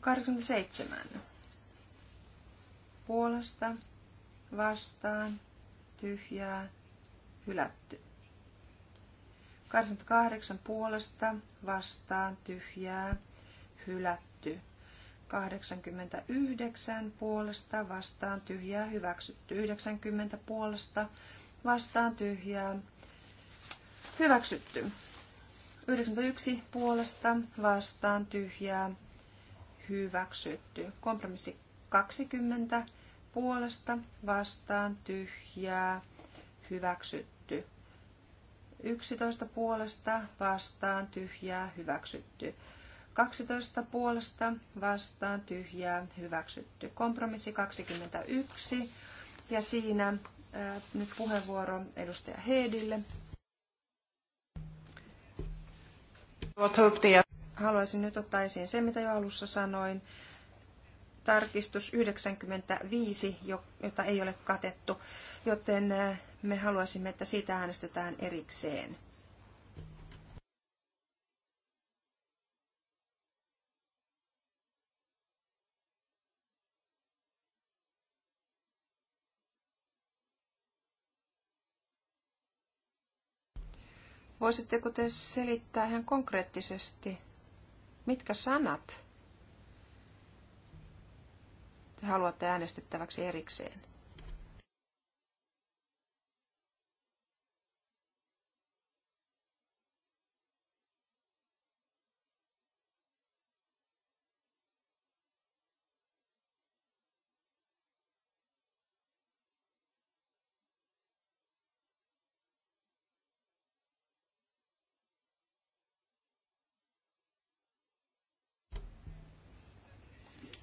87 puolesta vastaan, tyhjää, hylätty. 88 puolesta vastaan, tyhjää, hylätty. 89 puolesta vastaan, tyhjää, hyväksytty. 90 puolesta vastaan, tyhjää, hyväksytty. 91 puolesta vastaan, tyhjää, hyväksytty. Kompromissi 20 puolesta vastaan tyhjää hyväksytty. 11 puolesta vastaan tyhjää hyväksytty. 12 puolesta vastaan tyhjää hyväksytty. Kompromissi 21 ja siinä ää, äh, nyt puheenvuoro edustaja Heedille. Haluaisin nyt ottaa esiin sen, mitä jo alussa sanoin tarkistus 95, jota ei ole katettu, joten äh, me haluaisimme, että siitä äänestetään erikseen. Voisitteko te selittää ihan konkreettisesti, mitkä sanat te haluatte äänestettäväksi erikseen?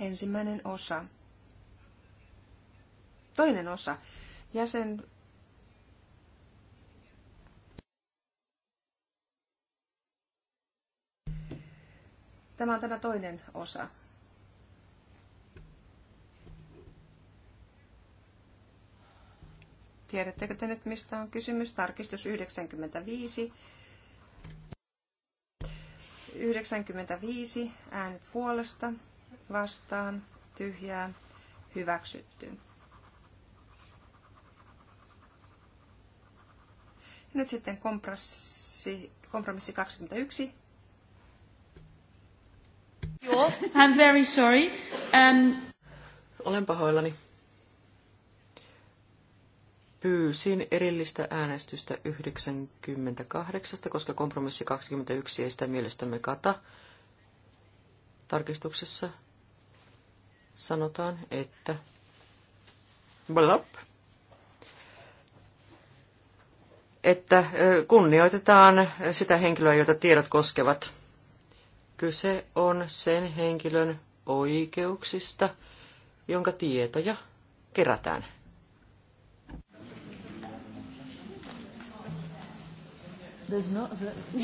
Ensimmäinen osa. Toinen osa. Jäsen... Tämä on tämä toinen osa. Tiedättekö te nyt, mistä on kysymys? Tarkistus 95. 95 äänet puolesta, vastaan, tyhjää, hyväksytty. Nyt sitten kompromissi, kompromissi 21. I'm very sorry. Um... Olen pahoillani. Pyysin erillistä äänestystä 98, koska kompromissi 21 ei sitä mielestämme kata. Tarkistuksessa sanotaan, että... Blop. että kunnioitetaan sitä henkilöä, jota tiedot koskevat. Kyse on sen henkilön oikeuksista, jonka tietoja kerätään.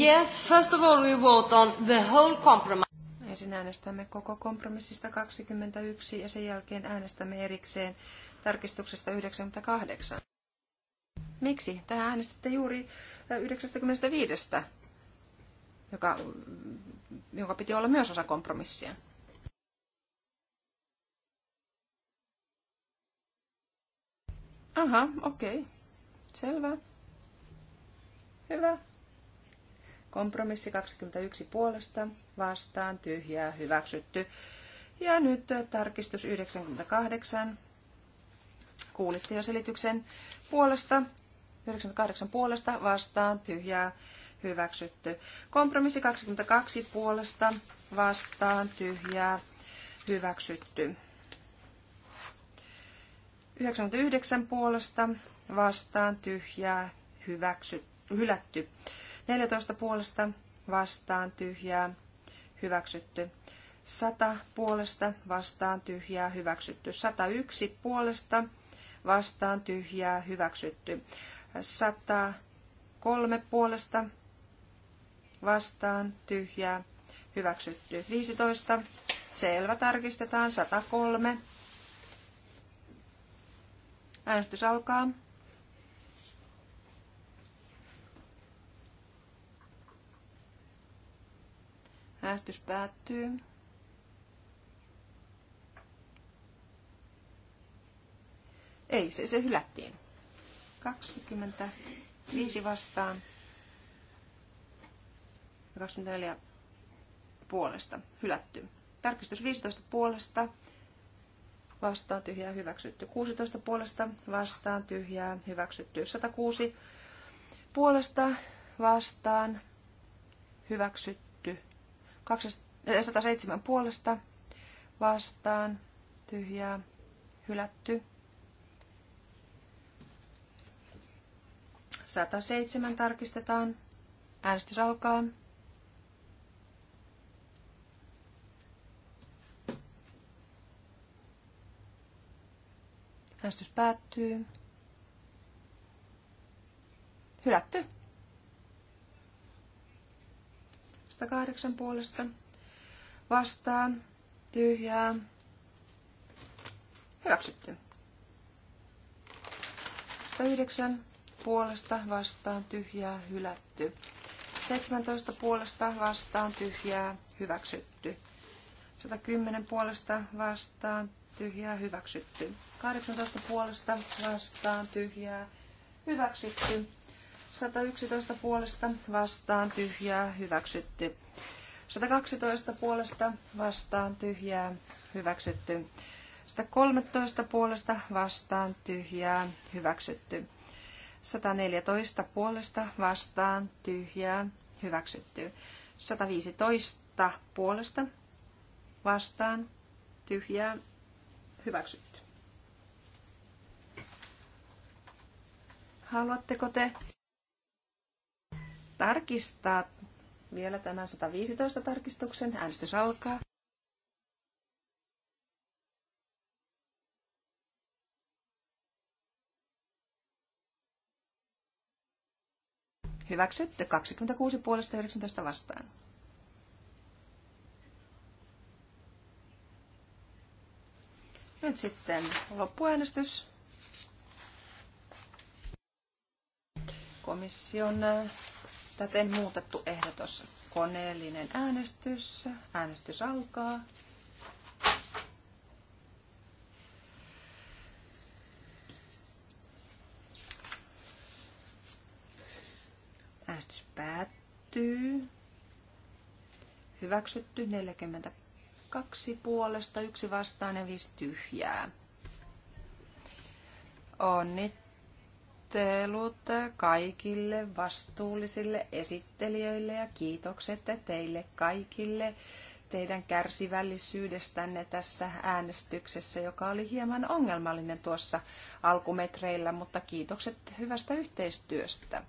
Yes, first of all we vote on the whole compromise. Ensin äänestämme koko kompromissista 21 ja sen jälkeen äänestämme erikseen tarkistuksesta 98. Miksi? Tähän äänestitte juuri 95, joka, joka piti olla myös osa kompromissia. Aha, okei. Okay. Selvä. Hyvä. Kompromissi 21 puolesta, vastaan, tyhjää, hyväksytty. Ja nyt tarkistus 98. Kuulitte jo selityksen puolesta 98 puolesta vastaan tyhjää hyväksytty. Kompromissi 22 puolesta vastaan tyhjää hyväksytty. 99 puolesta vastaan tyhjää hyväksy, hylätty. 14 puolesta vastaan tyhjää hyväksytty. 100 puolesta vastaan tyhjää hyväksytty. 101 puolesta vastaan tyhjää hyväksytty. 103 puolesta vastaan tyhjää hyväksytty 15. Selvä tarkistetaan 103. Äänestys alkaa. Äänestys päättyy. Ei, se, se hylättiin. 25 vastaan ja 24 puolesta hylätty. Tarkistus 15 puolesta vastaan tyhjää hyväksytty. 16 puolesta vastaan tyhjää hyväksytty. 106 puolesta vastaan hyväksytty. 107 eh, puolesta vastaan tyhjää hylätty. 107 tarkistetaan. Äänestys alkaa. Äänestys päättyy. Hylätty. 108 puolesta. Vastaan. Tyhjää. Hyväksytty. 109 puolesta vastaan tyhjää hylätty. 17 puolesta vastaan tyhjää hyväksytty. 110 puolesta vastaan tyhjää hyväksytty. 18 puolesta vastaan tyhjää hyväksytty. 111 puolesta vastaan tyhjää hyväksytty. 112 puolesta vastaan tyhjää hyväksytty. 113 puolesta vastaan tyhjää hyväksytty. 114 puolesta vastaan tyhjää hyväksytty. 115 puolesta vastaan tyhjää hyväksytty. Haluatteko te tarkistaa vielä tämän 115 tarkistuksen? Äänestys alkaa. Hyväksytty 26 puolesta 19 vastaan. Nyt sitten loppuäänestys. Komission äh, täten muutettu ehdotus. Koneellinen äänestys. Äänestys alkaa. päättyy. Hyväksytty 42 puolesta, yksi vastaan ja viisi tyhjää. Onnittelut kaikille vastuullisille esittelijöille ja kiitokset teille kaikille teidän kärsivällisyydestänne tässä äänestyksessä, joka oli hieman ongelmallinen tuossa alkumetreillä, mutta kiitokset hyvästä yhteistyöstä.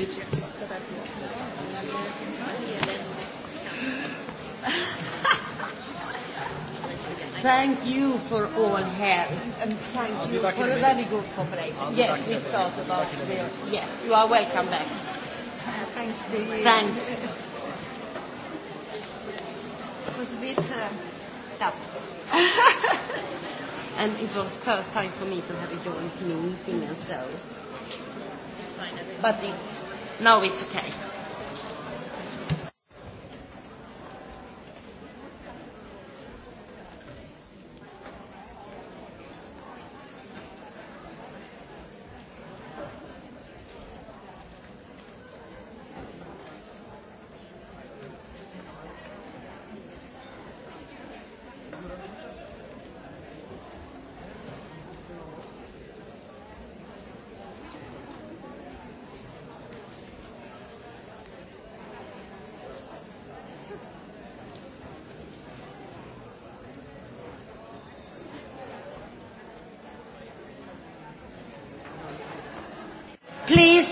Thank you for all help and thank you for a, very good cooperation. yes, we start about zero. Yes, you are welcome back. thanks to you. Thanks. it was a bit uh, tough. and it was first time for me to have a joint meeting and so. But it's No, it's okay.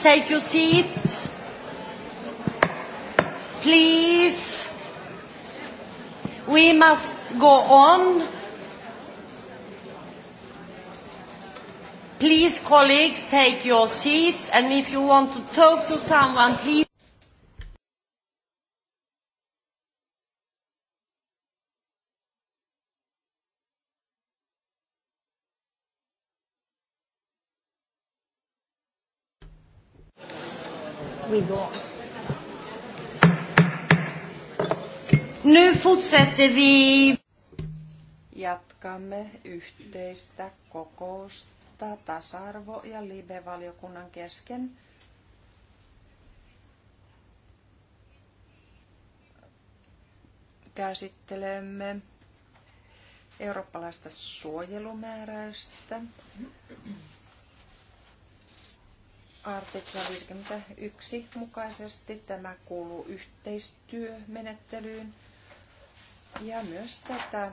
take your seats. Please. We must go on. Please, colleagues, take your seats. And if you want to talk to someone, please. fortsätter vi. Jatkamme yhteistä kokousta tasa-arvo- ja live-valiokunnan kesken. Käsittelemme eurooppalaista suojelumääräystä. Artikla 51 mukaisesti tämä kuuluu yhteistyömenettelyyn – ja myös tätä.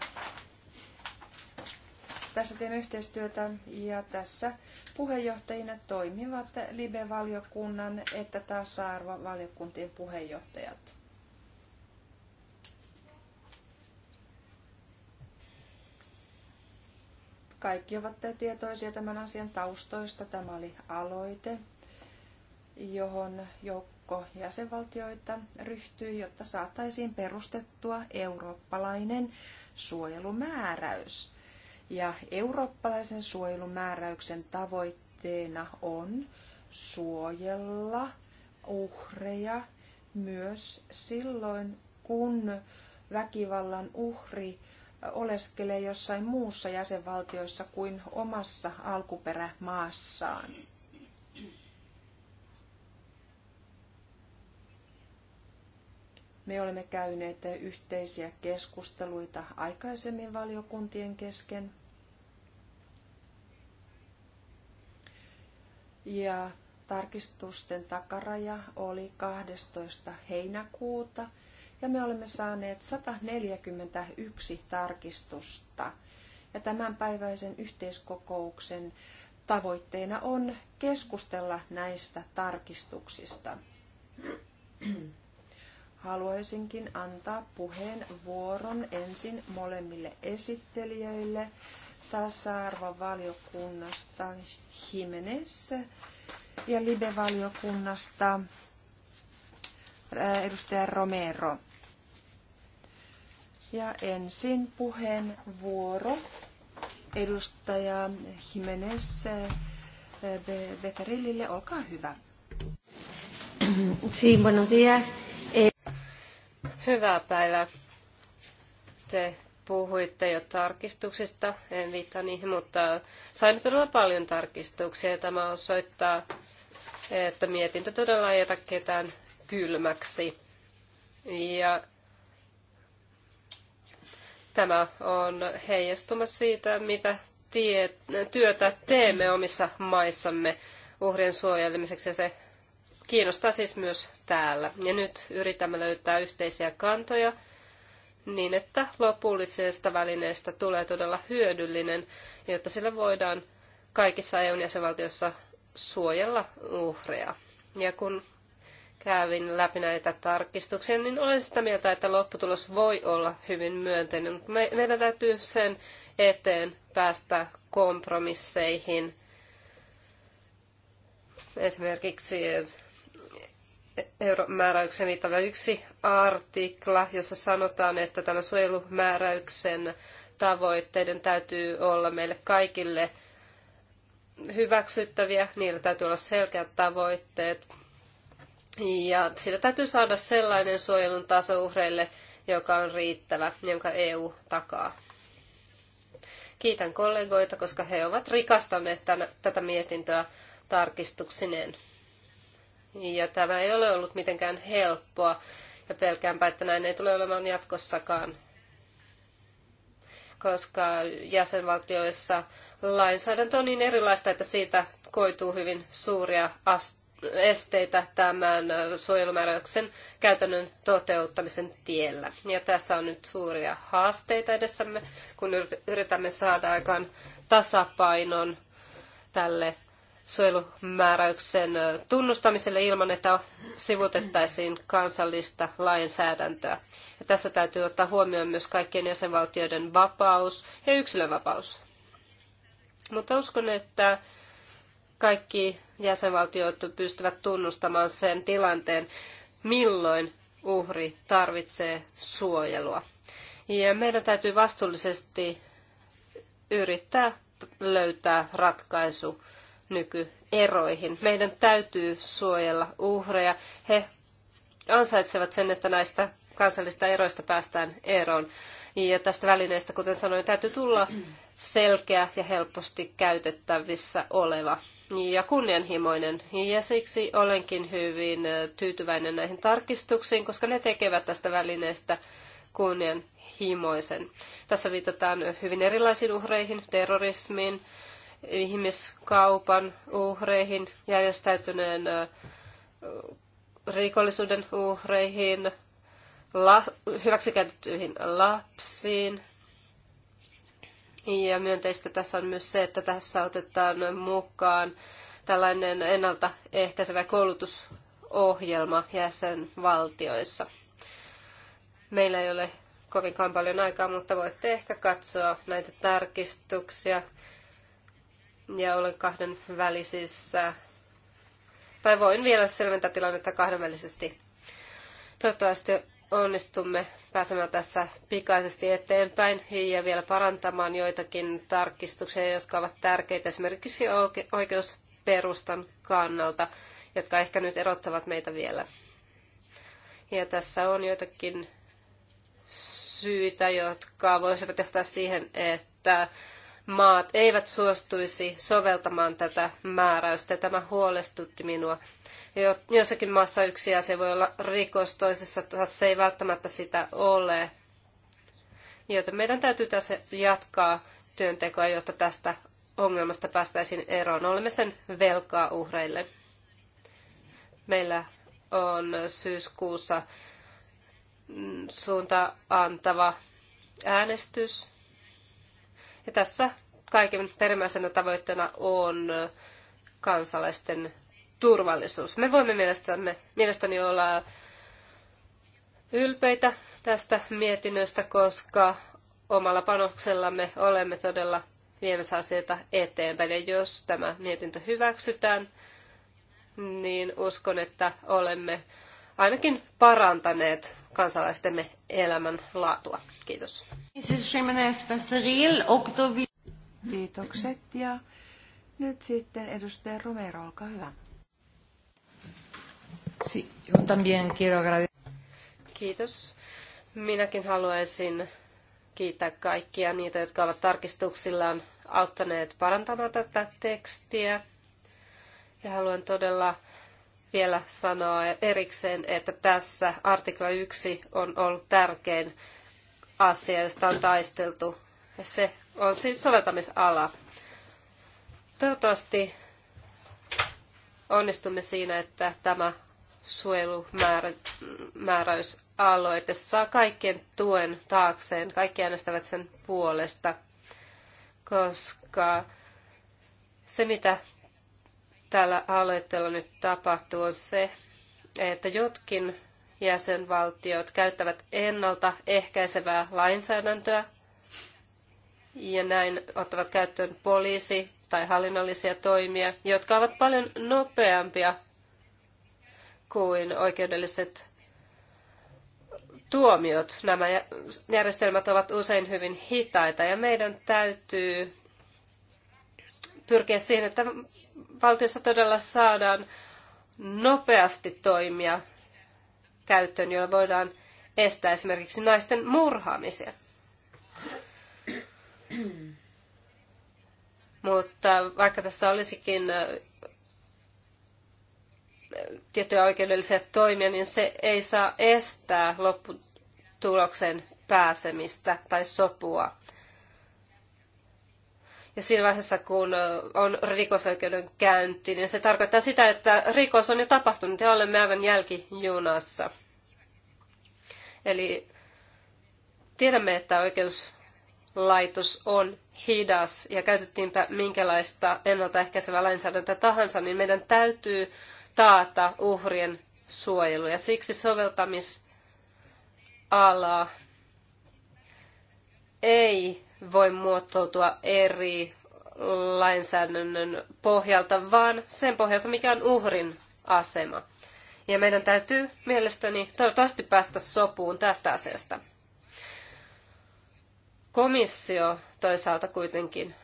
Tässä teemme yhteistyötä ja tässä puheenjohtajina toimivat Libe-valiokunnan että tasa-arvovaliokuntien puheenjohtajat. Kaikki ovat tietoisia tämän asian taustoista. Tämä oli aloite, johon joukko joukko jäsenvaltioita ryhtyi, jotta saataisiin perustettua eurooppalainen suojelumääräys. Ja eurooppalaisen suojelumääräyksen tavoitteena on suojella uhreja myös silloin, kun väkivallan uhri oleskelee jossain muussa jäsenvaltiossa kuin omassa alkuperämaassaan. Me olemme käyneet yhteisiä keskusteluita aikaisemmin valiokuntien kesken. Ja tarkistusten takaraja oli 12. heinäkuuta ja me olemme saaneet 141 tarkistusta. Ja tämän päiväisen yhteiskokouksen tavoitteena on keskustella näistä tarkistuksista haluaisinkin antaa puheenvuoron ensin molemmille esittelijöille tasa-arvon valiokunnasta Jimenez ja Libe-valiokunnasta edustaja Romero. Ja ensin puheenvuoro edustaja Jimenez Becerrilille. Olkaa hyvä. Sí, buenos días. Hyvää päivää. Te puhuitte jo tarkistuksista, en viittaa niihin, mutta sain todella paljon tarkistuksia tämä osoittaa, että mietintö todella ei jätä ketään kylmäksi. Ja tämä on heijastuma siitä, mitä tie, työtä teemme omissa maissamme uhrien suojelemiseksi ja se kiinnostaa siis myös täällä. Ja nyt yritämme löytää yhteisiä kantoja niin, että lopullisesta välineestä tulee todella hyödyllinen, jotta sillä voidaan kaikissa EUn jäsenvaltioissa suojella uhreja. Ja kun kävin läpi näitä tarkistuksia, niin olen sitä mieltä, että lopputulos voi olla hyvin myönteinen, mutta me, meidän täytyy sen eteen päästä kompromisseihin. Esimerkiksi euromääräyksen viittava yksi artikla, jossa sanotaan, että tämä suojelumääräyksen tavoitteiden täytyy olla meille kaikille hyväksyttäviä, niillä täytyy olla selkeät tavoitteet. Ja sillä täytyy saada sellainen suojelun taso uhreille, joka on riittävä, jonka EU takaa. Kiitän kollegoita, koska he ovat rikastaneet tämän, tätä mietintöä tarkistuksineen. Ja tämä ei ole ollut mitenkään helppoa ja pelkäänpä, että näin ei tule olemaan jatkossakaan, koska jäsenvaltioissa lainsäädäntö on niin erilaista, että siitä koituu hyvin suuria esteitä tämän suojelumääräyksen käytännön toteuttamisen tiellä. Ja tässä on nyt suuria haasteita edessämme, kun yritämme saada aikaan tasapainon tälle suojelumääräyksen tunnustamiselle ilman, että sivutettaisiin kansallista lainsäädäntöä. Ja tässä täytyy ottaa huomioon myös kaikkien jäsenvaltioiden vapaus ja yksilönvapaus. Mutta uskon, että kaikki jäsenvaltiot pystyvät tunnustamaan sen tilanteen, milloin uhri tarvitsee suojelua. Ja meidän täytyy vastuullisesti yrittää löytää ratkaisu nykyeroihin. Meidän täytyy suojella uhreja. He ansaitsevat sen, että näistä kansallisista eroista päästään eroon. Ja tästä välineestä, kuten sanoin, täytyy tulla selkeä ja helposti käytettävissä oleva ja kunnianhimoinen. Ja siksi olenkin hyvin tyytyväinen näihin tarkistuksiin, koska ne tekevät tästä välineestä kunnianhimoisen. Tässä viitataan hyvin erilaisiin uhreihin, terrorismiin, ihmiskaupan uhreihin, järjestäytyneen rikollisuuden uhreihin, la, hyväksikäytettyihin lapsiin. Ja myönteistä tässä on myös se, että tässä otetaan mukaan tällainen ennaltaehkäisevä koulutusohjelma jäsenvaltioissa. Meillä ei ole kovinkaan paljon aikaa, mutta voitte ehkä katsoa näitä tarkistuksia ja olen kahden välisissä, tai voin vielä selventää tilannetta kahdenvälisesti. Toivottavasti onnistumme pääsemään tässä pikaisesti eteenpäin ja vielä parantamaan joitakin tarkistuksia, jotka ovat tärkeitä esimerkiksi oikeusperustan kannalta, jotka ehkä nyt erottavat meitä vielä. Ja tässä on joitakin syitä, jotka voisivat johtaa siihen, että maat eivät suostuisi soveltamaan tätä määräystä. Tämä huolestutti minua. Jossakin maassa yksi asia voi olla rikos, toisessa taas se ei välttämättä sitä ole. Joten meidän täytyy tässä jatkaa työntekoa, jotta tästä ongelmasta päästäisiin eroon. Olemme sen velkaa uhreille. Meillä on syyskuussa suunta antava äänestys ja tässä kaiken perimmäisenä tavoitteena on kansalaisten turvallisuus. Me voimme mielestämme, mielestäni olla ylpeitä tästä mietinnöstä, koska omalla panoksellamme olemme todella viemässä asioita eteenpäin. Ja jos tämä mietintö hyväksytään, niin uskon, että olemme ainakin parantaneet kansalaistemme elämän laatua. Kiitos. Kiitokset ja nyt sitten edustaja Romero, olkaa hyvä. Sí, yo también quiero agradecer. Kiitos. Minäkin haluaisin kiittää kaikkia niitä, jotka ovat tarkistuksillaan auttaneet parantamaan tätä tekstiä. Ja haluan todella vielä sanoa erikseen, että tässä artikla 1 on ollut tärkein asia, josta on taisteltu. Se on siis soveltamisala. Toivottavasti onnistumme siinä, että tämä suojelumääräysaloite saa kaikkien tuen taakseen. Kaikki äänestävät sen puolesta, koska se mitä tällä aloitteella nyt tapahtuu, on se, että jotkin jäsenvaltiot käyttävät ennalta ehkäisevää lainsäädäntöä ja näin ottavat käyttöön poliisi- tai hallinnollisia toimia, jotka ovat paljon nopeampia kuin oikeudelliset tuomiot. Nämä järjestelmät ovat usein hyvin hitaita ja meidän täytyy pyrkiä siihen, että valtiossa todella saadaan nopeasti toimia käyttöön, joilla voidaan estää esimerkiksi naisten murhaamisia. Mutta vaikka tässä olisikin tiettyjä oikeudellisia toimia, niin se ei saa estää lopputuloksen pääsemistä tai sopua. Ja siinä vaiheessa, kun on rikosoikeuden käynti, niin se tarkoittaa sitä, että rikos on jo tapahtunut ja olemme aivan jälkijunassa. Eli tiedämme, että oikeuslaitos on hidas ja käytettiinpä minkälaista ennaltaehkäisevää lainsäädäntöä tahansa, niin meidän täytyy taata uhrien suojelu. Ja siksi soveltamisalaa ei voi muotoutua eri lainsäädännön pohjalta, vaan sen pohjalta, mikä on uhrin asema. Ja meidän täytyy mielestäni toivottavasti päästä sopuun tästä asiasta. Komissio toisaalta kuitenkin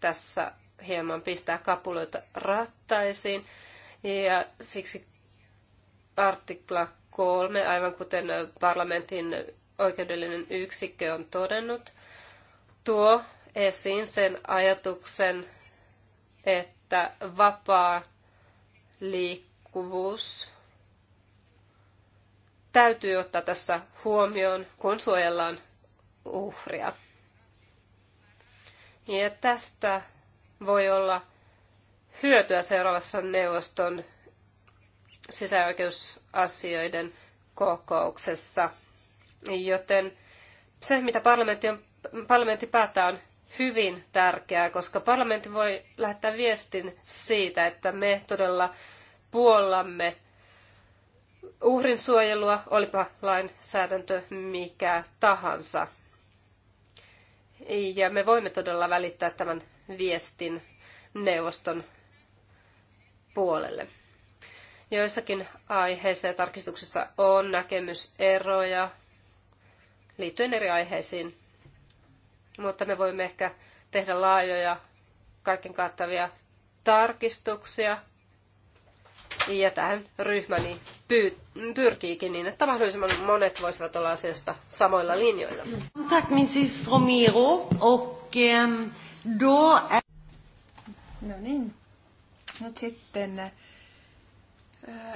tässä hieman pistää kapuloita rattaisiin. Ja siksi artikla 3, aivan kuten parlamentin oikeudellinen yksikkö on todennut, tuo esiin sen ajatuksen, että vapaa liikkuvuus täytyy ottaa tässä huomioon, kun suojellaan uhria. Ja tästä voi olla hyötyä seuraavassa neuvoston sisäoikeusasioiden kokouksessa. Joten se, mitä parlamentti on parlamentti päättää on hyvin tärkeää, koska parlamentti voi lähettää viestin siitä, että me todella puollamme uhrin suojelua, olipa lainsäädäntö mikä tahansa. Ja me voimme todella välittää tämän viestin neuvoston puolelle. Joissakin aiheissa ja tarkistuksissa on näkemyseroja liittyen eri aiheisiin, mutta me voimme ehkä tehdä laajoja, kaiken kattavia tarkistuksia. Ja tähän ryhmäni pyy- pyrkiikin niin, että mahdollisimman monet voisivat olla asiasta samoilla linjoilla. Tack Mrs Romero och ehm, då... No niin. Nyt sitten äh,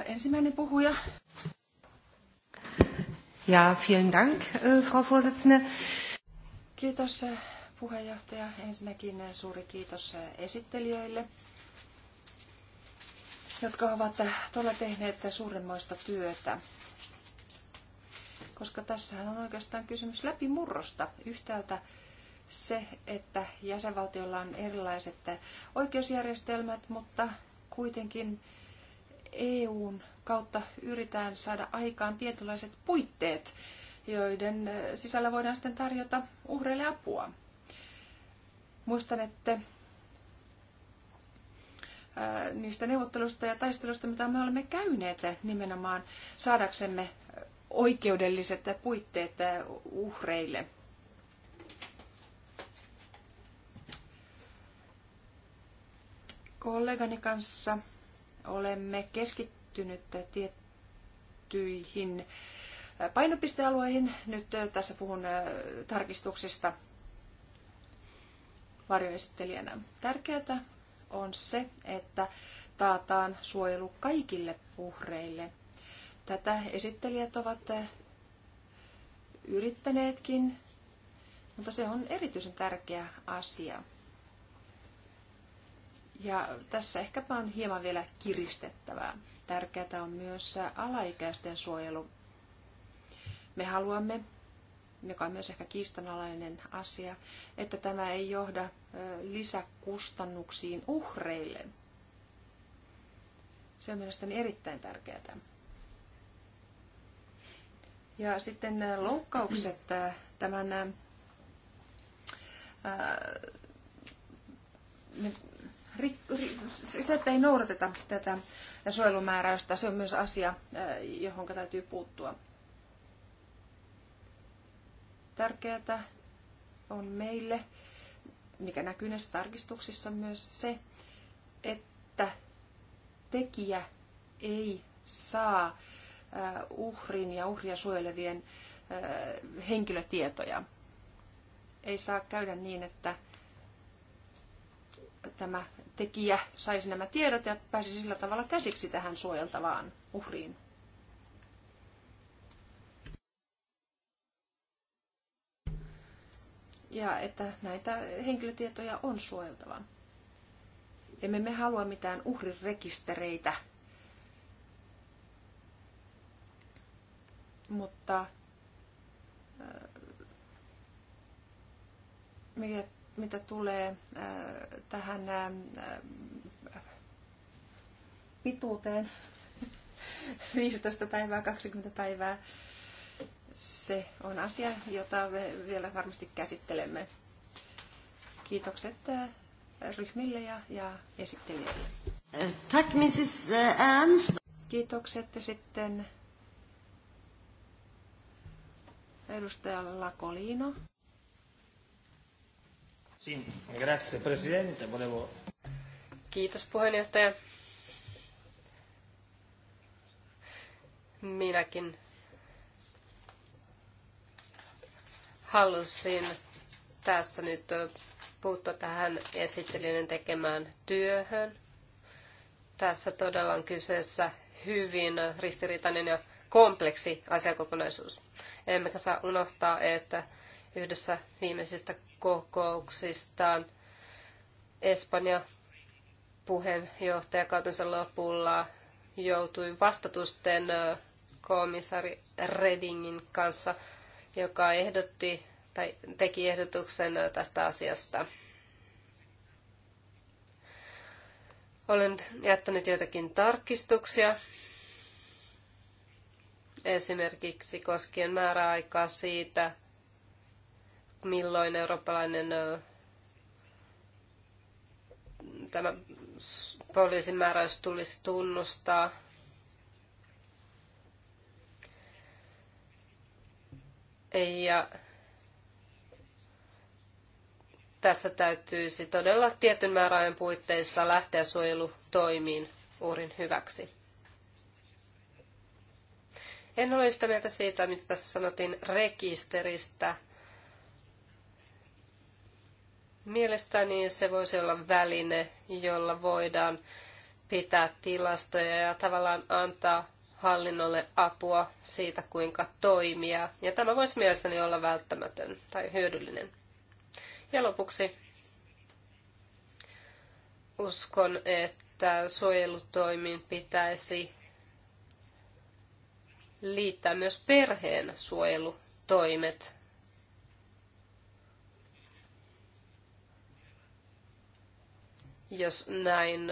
ensimmäinen puhuja. Ja, vielen Dank, äh, Frau Vorsitzende. Kiitos eh, puheenjohtaja. Ensinnäkin eh, suuri kiitos eh, esittelijöille, jotka ovat todella tehneet suurenmoista työtä. Koska tässähän on oikeastaan kysymys läpimurrosta yhtäältä se, että jäsenvaltiolla on erilaiset oikeusjärjestelmät, mutta kuitenkin EUn kautta yritetään saada aikaan tietynlaiset puitteet joiden eh, sisällä voidaan sitten tarjota uhreille apua. Muistan, että eh, niistä neuvotteluista ja taisteluista, mitä me olemme käyneet eh, nimenomaan saadaksemme oikeudelliset puitteet uhreille. Kollegani kanssa olemme keskittyneet tiettyihin painopistealueihin. Nyt tässä puhun tarkistuksista varjoesittelijänä. Tärkeää on se, että taataan suojelu kaikille uhreille. Tätä esittelijät ovat yrittäneetkin, mutta se on erityisen tärkeä asia. Ja tässä ehkäpä on hieman vielä kiristettävää. Tärkeää on myös alaikäisten suojelu. Me haluamme, joka on myös ehkä kiistanalainen asia, että tämä ei johda lisäkustannuksiin uhreille. Se on mielestäni erittäin tärkeää. Ja sitten loukkaukset tämän se, että ei noudateta tätä suojelumääräystä, se on myös asia, johon täytyy puuttua. Tärkeää on meille, mikä näkyy näissä tarkistuksissa myös se, että tekijä ei saa uhrin ja uhria suojelevien henkilötietoja. Ei saa käydä niin, että tämä tekijä saisi nämä tiedot ja pääsi sillä tavalla käsiksi tähän suojeltavaan uhriin. ja että näitä henkilötietoja on suojeltava. Emme me halua mitään uhrirekistereitä, mutta äh, mitä, mitä tulee äh, tähän äh, pituuteen, 15 päivää, 20 päivää, se on asia, jota me vielä varmasti käsittelemme. Kiitokset äh, ryhmille ja, ja esittelijöille. Tack Mrs. Äh, Ernst. Kiitokset sitten edustaja Lakolino. Sì, grazie Presidente, volevo... Kiitos puheenjohtaja. Minäkin Halusin tässä nyt puuttua tähän esittelijän tekemään työhön. Tässä todella on kyseessä hyvin ristiriitainen ja kompleksi asiakokonaisuus. Emmekä saa unohtaa, että yhdessä viimeisistä kokouksistaan Espanja kautensa lopulla joutui vastatusten komissaari Redingin kanssa joka ehdotti tai teki ehdotuksen tästä asiasta. Olen jättänyt joitakin tarkistuksia, esimerkiksi koskien määräaikaa siitä, milloin eurooppalainen tämä poliisin määräys tulisi tunnustaa Ja tässä täytyisi todella tietyn määräajan puitteissa lähteä suojelutoimiin uhrin hyväksi. En ole yhtä mieltä siitä, mitä tässä sanottiin rekisteristä. Mielestäni se voisi olla väline, jolla voidaan pitää tilastoja ja tavallaan antaa hallinnolle apua siitä, kuinka toimia. Ja tämä voisi mielestäni olla välttämätön tai hyödyllinen. Ja lopuksi uskon, että suojelutoimiin pitäisi liittää myös perheen suojelutoimet. Jos näin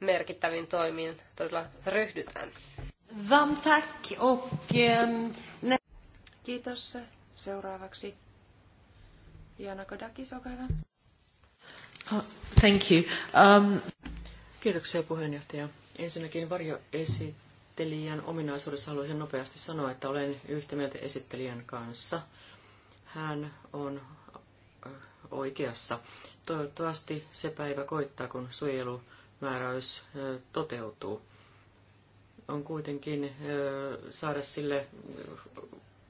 merkittävin toimiin todella ryhdytään. Varmt tack och... Ehm, Kiitos. Seuraavaksi Jana Kodakis, olkaa hyvä. Oh, thank you. Um... Kiitoksia puheenjohtaja. Ensinnäkin varjoesittelijän ominaisuudessa haluaisin nopeasti sanoa, että olen yhtä mieltä esittelijän kanssa. Hän on oikeassa. Toivottavasti se päivä koittaa, kun suojelumääräys toteutuu on kuitenkin saada sille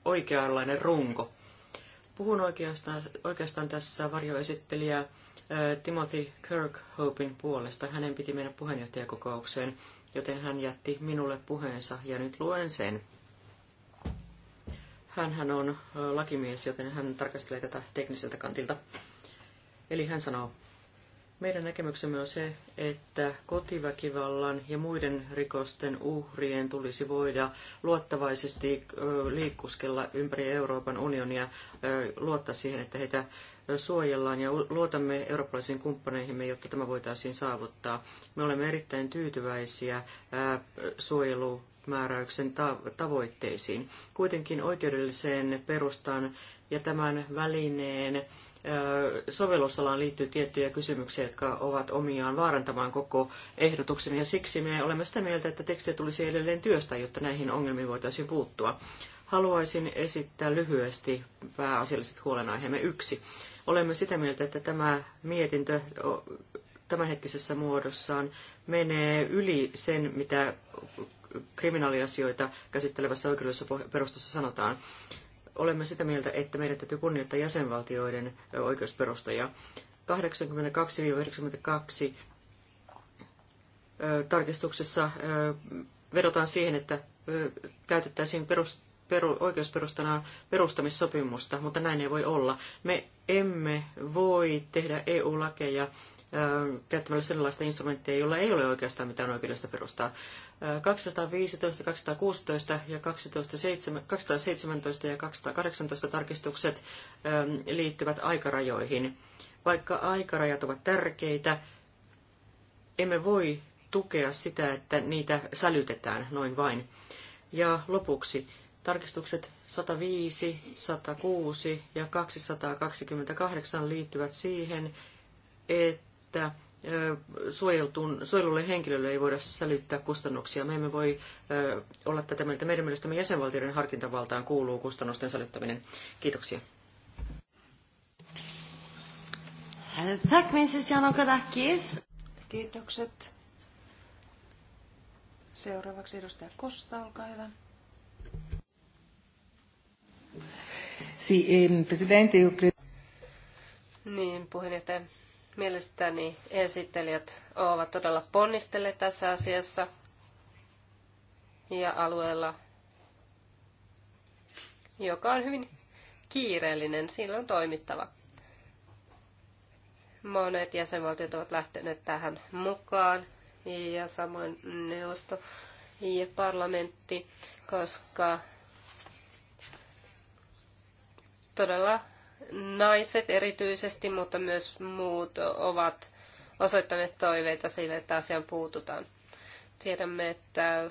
oikeanlainen runko. Puhun oikeastaan, oikeastaan tässä varjoesittelijä Timothy Kirkhopein puolesta. Hänen piti mennä puheenjohtajakokoukseen, joten hän jätti minulle puheensa ja nyt luen sen. Hänhän on lakimies, joten hän tarkastelee tätä tekniseltä kantilta. Eli hän sanoo, meidän näkemyksemme on se, että kotiväkivallan ja muiden rikosten uhrien tulisi voida luottavaisesti liikkuskella ympäri Euroopan unionia, luottaa siihen, että heitä suojellaan ja luotamme eurooppalaisiin kumppaneihimme, jotta tämä voitaisiin saavuttaa. Me olemme erittäin tyytyväisiä suojelumääräyksen tavoitteisiin. Kuitenkin oikeudelliseen perustaan ja tämän välineen sovellusalaan liittyy tiettyjä kysymyksiä, jotka ovat omiaan vaarantamaan koko ehdotuksen, ja siksi me olemme sitä mieltä, että tekstiä tulisi edelleen työstää, jotta näihin ongelmiin voitaisiin puuttua. Haluaisin esittää lyhyesti pääasialliset huolenaiheemme yksi. Olemme sitä mieltä, että tämä mietintö tämänhetkisessä muodossaan menee yli sen, mitä kriminaaliasioita käsittelevässä oikeudellisessa perustassa sanotaan olemme sitä mieltä, että meidän täytyy kunnioittaa jäsenvaltioiden oikeusperustoja. 82-92 tarkistuksessa vedotaan siihen, että käytettäisiin perus, peru, oikeusperustana perustamissopimusta, mutta näin ei voi olla. Me emme voi tehdä EU-lakeja käyttämällä sellaista instrumenttia, jolla ei ole oikeastaan mitään oikeudellista perustaa. 215, 216 ja 217 ja 218 tarkistukset liittyvät aikarajoihin. Vaikka aikarajat ovat tärkeitä, emme voi tukea sitä, että niitä sälytetään noin vain. Ja lopuksi tarkistukset 105, 106 ja 228 liittyvät siihen, että että suojelulle henkilölle ei voida sälyttää kustannuksia. Me emme voi ö, olla tätä mieltä. Meidän mielestämme jäsenvaltioiden harkintavaltaan kuuluu kustannusten sälyttäminen. Kiitoksia. Tack, Mrs. Janokodakis. Kiitokset. Seuraavaksi edustaja Kosta, olkaa hyvä. Si, ehm, presidente, Niin, puheenjohtaja. Mielestäni esittelijät ovat todella ponnistelleet tässä asiassa ja alueella, joka on hyvin kiireellinen, sillä on toimittava. Monet jäsenvaltiot ovat lähteneet tähän mukaan ja samoin neuvosto ja parlamentti, koska todella naiset erityisesti, mutta myös muut ovat osoittaneet toiveita sille, että asiaan puututaan. Tiedämme, että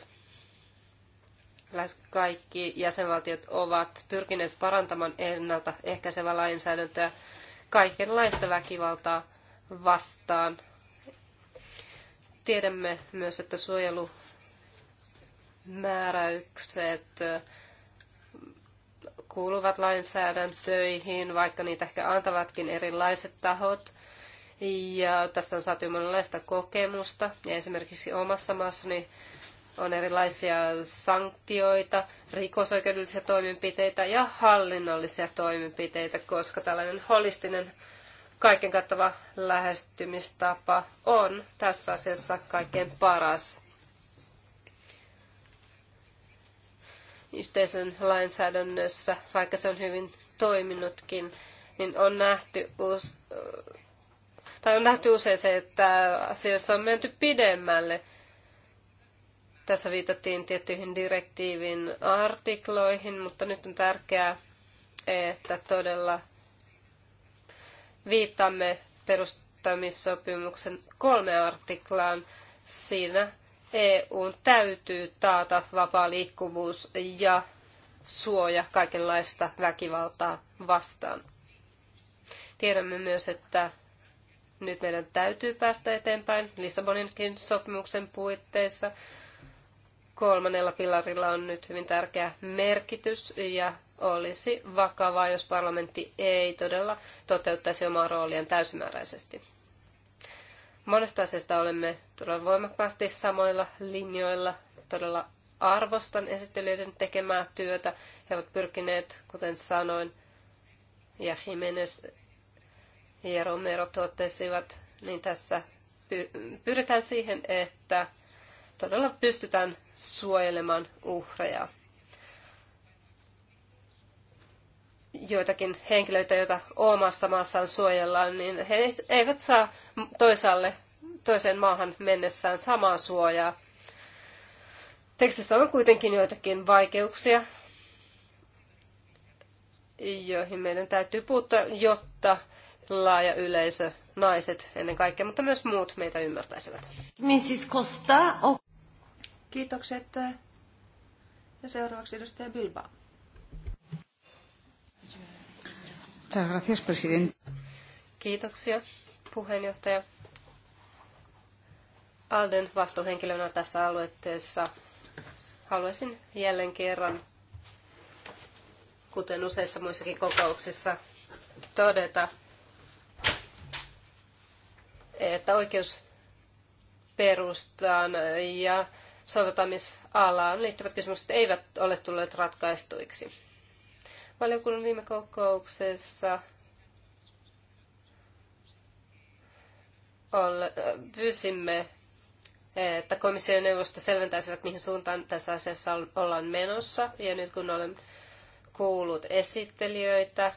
lähes kaikki jäsenvaltiot ovat pyrkineet parantamaan ennaltaehkäisevää lainsäädäntöä kaikenlaista väkivaltaa vastaan. Tiedämme myös, että suojelumääräykset kuuluvat lainsäädäntöihin, vaikka niitä ehkä antavatkin erilaiset tahot. Ja tästä on saatu monenlaista kokemusta. Ja esimerkiksi omassa maassani on erilaisia sanktioita, rikosoikeudellisia toimenpiteitä ja hallinnollisia toimenpiteitä, koska tällainen holistinen kaiken kattava lähestymistapa on tässä asiassa kaikkein paras. yhteisön lainsäädännössä, vaikka se on hyvin toiminutkin, niin on nähty, us- tai on nähty usein se, että asioissa on menty pidemmälle. Tässä viitattiin tiettyihin direktiivin artikloihin, mutta nyt on tärkeää, että todella viittaamme perustamissopimuksen kolme artiklaan. Siinä EUn täytyy taata vapaa liikkuvuus ja suoja kaikenlaista väkivaltaa vastaan. Tiedämme myös, että nyt meidän täytyy päästä eteenpäin Lissaboninkin sopimuksen puitteissa. Kolmannella pilarilla on nyt hyvin tärkeä merkitys ja olisi vakavaa, jos parlamentti ei todella toteuttaisi omaa rooliaan täysimääräisesti. Monesta asiasta olemme todella voimakkaasti samoilla linjoilla. Todella arvostan esittelijöiden tekemää työtä. He ovat pyrkineet, kuten sanoin, ja Jimenez ja Romero totesivat, niin tässä pyritään siihen, että todella pystytään suojelemaan uhreja. joitakin henkilöitä, joita omassa maassaan suojellaan, niin he eivät saa toisaalle, toiseen maahan mennessään samaa suojaa. Tekstissä on kuitenkin joitakin vaikeuksia, joihin meidän täytyy puuttua, jotta laaja yleisö, naiset ennen kaikkea, mutta myös muut meitä ymmärtäisivät. Kiitokset. Ja seuraavaksi edustaja Bilbao. Muchas gracias, presidente. Kiitoksia, puheenjohtaja. Alden vastuuhenkilönä tässä aloitteessa haluaisin jälleen kerran, kuten useissa muissakin kokouksissa, todeta, että oikeusperustaan ja soveltamisalaan liittyvät kysymykset eivät ole tulleet ratkaistuiksi. Valiokunnan viime kokouksessa pyysimme, että komission neuvosto selventäisivät, mihin suuntaan tässä asiassa ollaan menossa. Ja nyt kun olen kuullut esittelijöitä,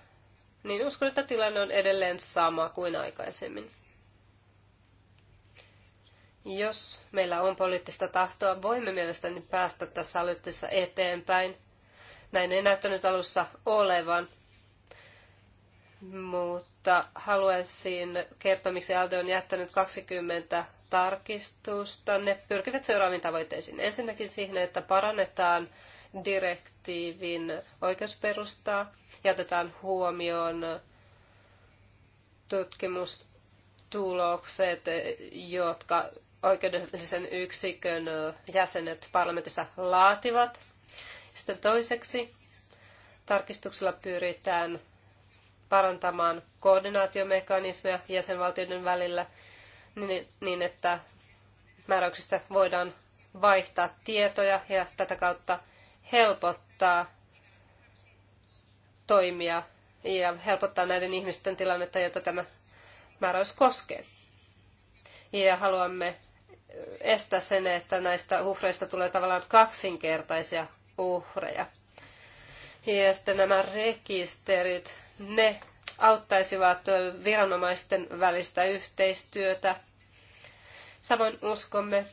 niin uskon, että tilanne on edelleen sama kuin aikaisemmin. Jos meillä on poliittista tahtoa, voimme mielestäni päästä tässä aloitteessa eteenpäin. Näin ei näyttänyt alussa olevan. Mutta haluaisin kertoa, miksi Alde on jättänyt 20 tarkistusta. Ne pyrkivät seuraaviin tavoitteisiin. Ensinnäkin siihen, että parannetaan direktiivin oikeusperustaa ja otetaan huomioon tutkimustulokset, jotka oikeudellisen yksikön jäsenet parlamentissa laativat. Sitten toiseksi tarkistuksella pyritään parantamaan koordinaatiomekanismeja jäsenvaltioiden välillä niin, niin, että määräyksistä voidaan vaihtaa tietoja ja tätä kautta helpottaa toimia ja helpottaa näiden ihmisten tilannetta, jota tämä määräys koskee. Ja haluamme estää sen, että näistä uhreista tulee tavallaan kaksinkertaisia uhreja. Ja sitten nämä rekisterit, ne auttaisivat viranomaisten välistä yhteistyötä. Samoin uskomme,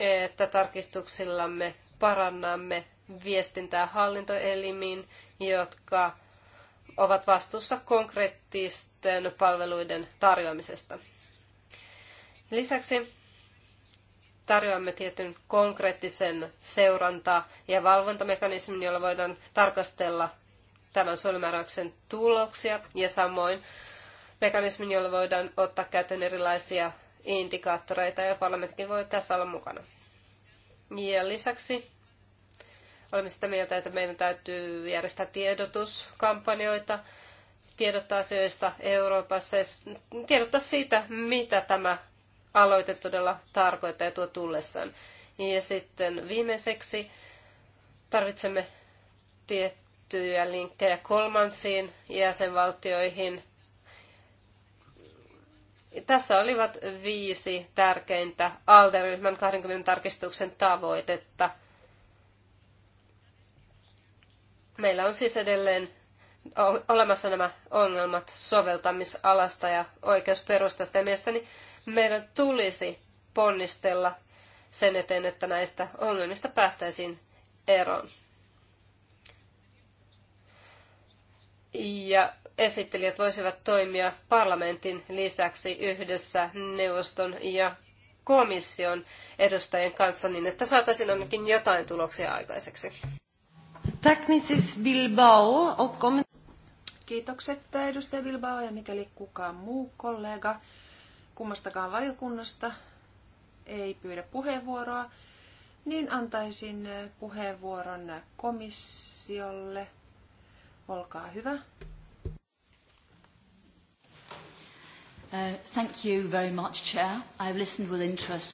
että tarkistuksillamme parannamme viestintää hallintoelimiin, jotka ovat vastuussa konkreettisten palveluiden tarjoamisesta. Lisäksi tarjoamme tietyn konkreettisen seuranta- ja valvontamekanismin, jolla voidaan tarkastella tämän suojelumääräyksen tuloksia ja samoin mekanismin, jolla voidaan ottaa käyttöön erilaisia indikaattoreita ja parlamentkin voi tässä olla mukana. Ja lisäksi olemme sitä mieltä, että meidän täytyy järjestää tiedotuskampanjoita, tiedottaa asioista Euroopassa ja tiedottaa siitä, mitä tämä aloite todella tarkoittaa ja tuo tullessaan. Ja sitten viimeiseksi tarvitsemme tiettyjä linkkejä kolmansiin jäsenvaltioihin. Tässä olivat viisi tärkeintä ALDE-ryhmän 20 tarkistuksen tavoitetta. Meillä on siis edelleen olemassa nämä ongelmat soveltamisalasta ja oikeusperustasta. Ja mielestäni meidän tulisi ponnistella sen eteen, että näistä ongelmista päästäisiin eroon. Ja esittelijät voisivat toimia parlamentin lisäksi yhdessä neuvoston ja komission edustajien kanssa niin, että saataisiin ainakin jotain tuloksia aikaiseksi. Kiitokset edustaja Bilbao ja mikäli kukaan muu kollega kummastakaan valiokunnasta ei pyydä puheenvuoroa, niin antaisin eh, puheenvuoron komissiolle. Olkaa hyvä. Uh, thank you very much, Chair. I've listened with interest.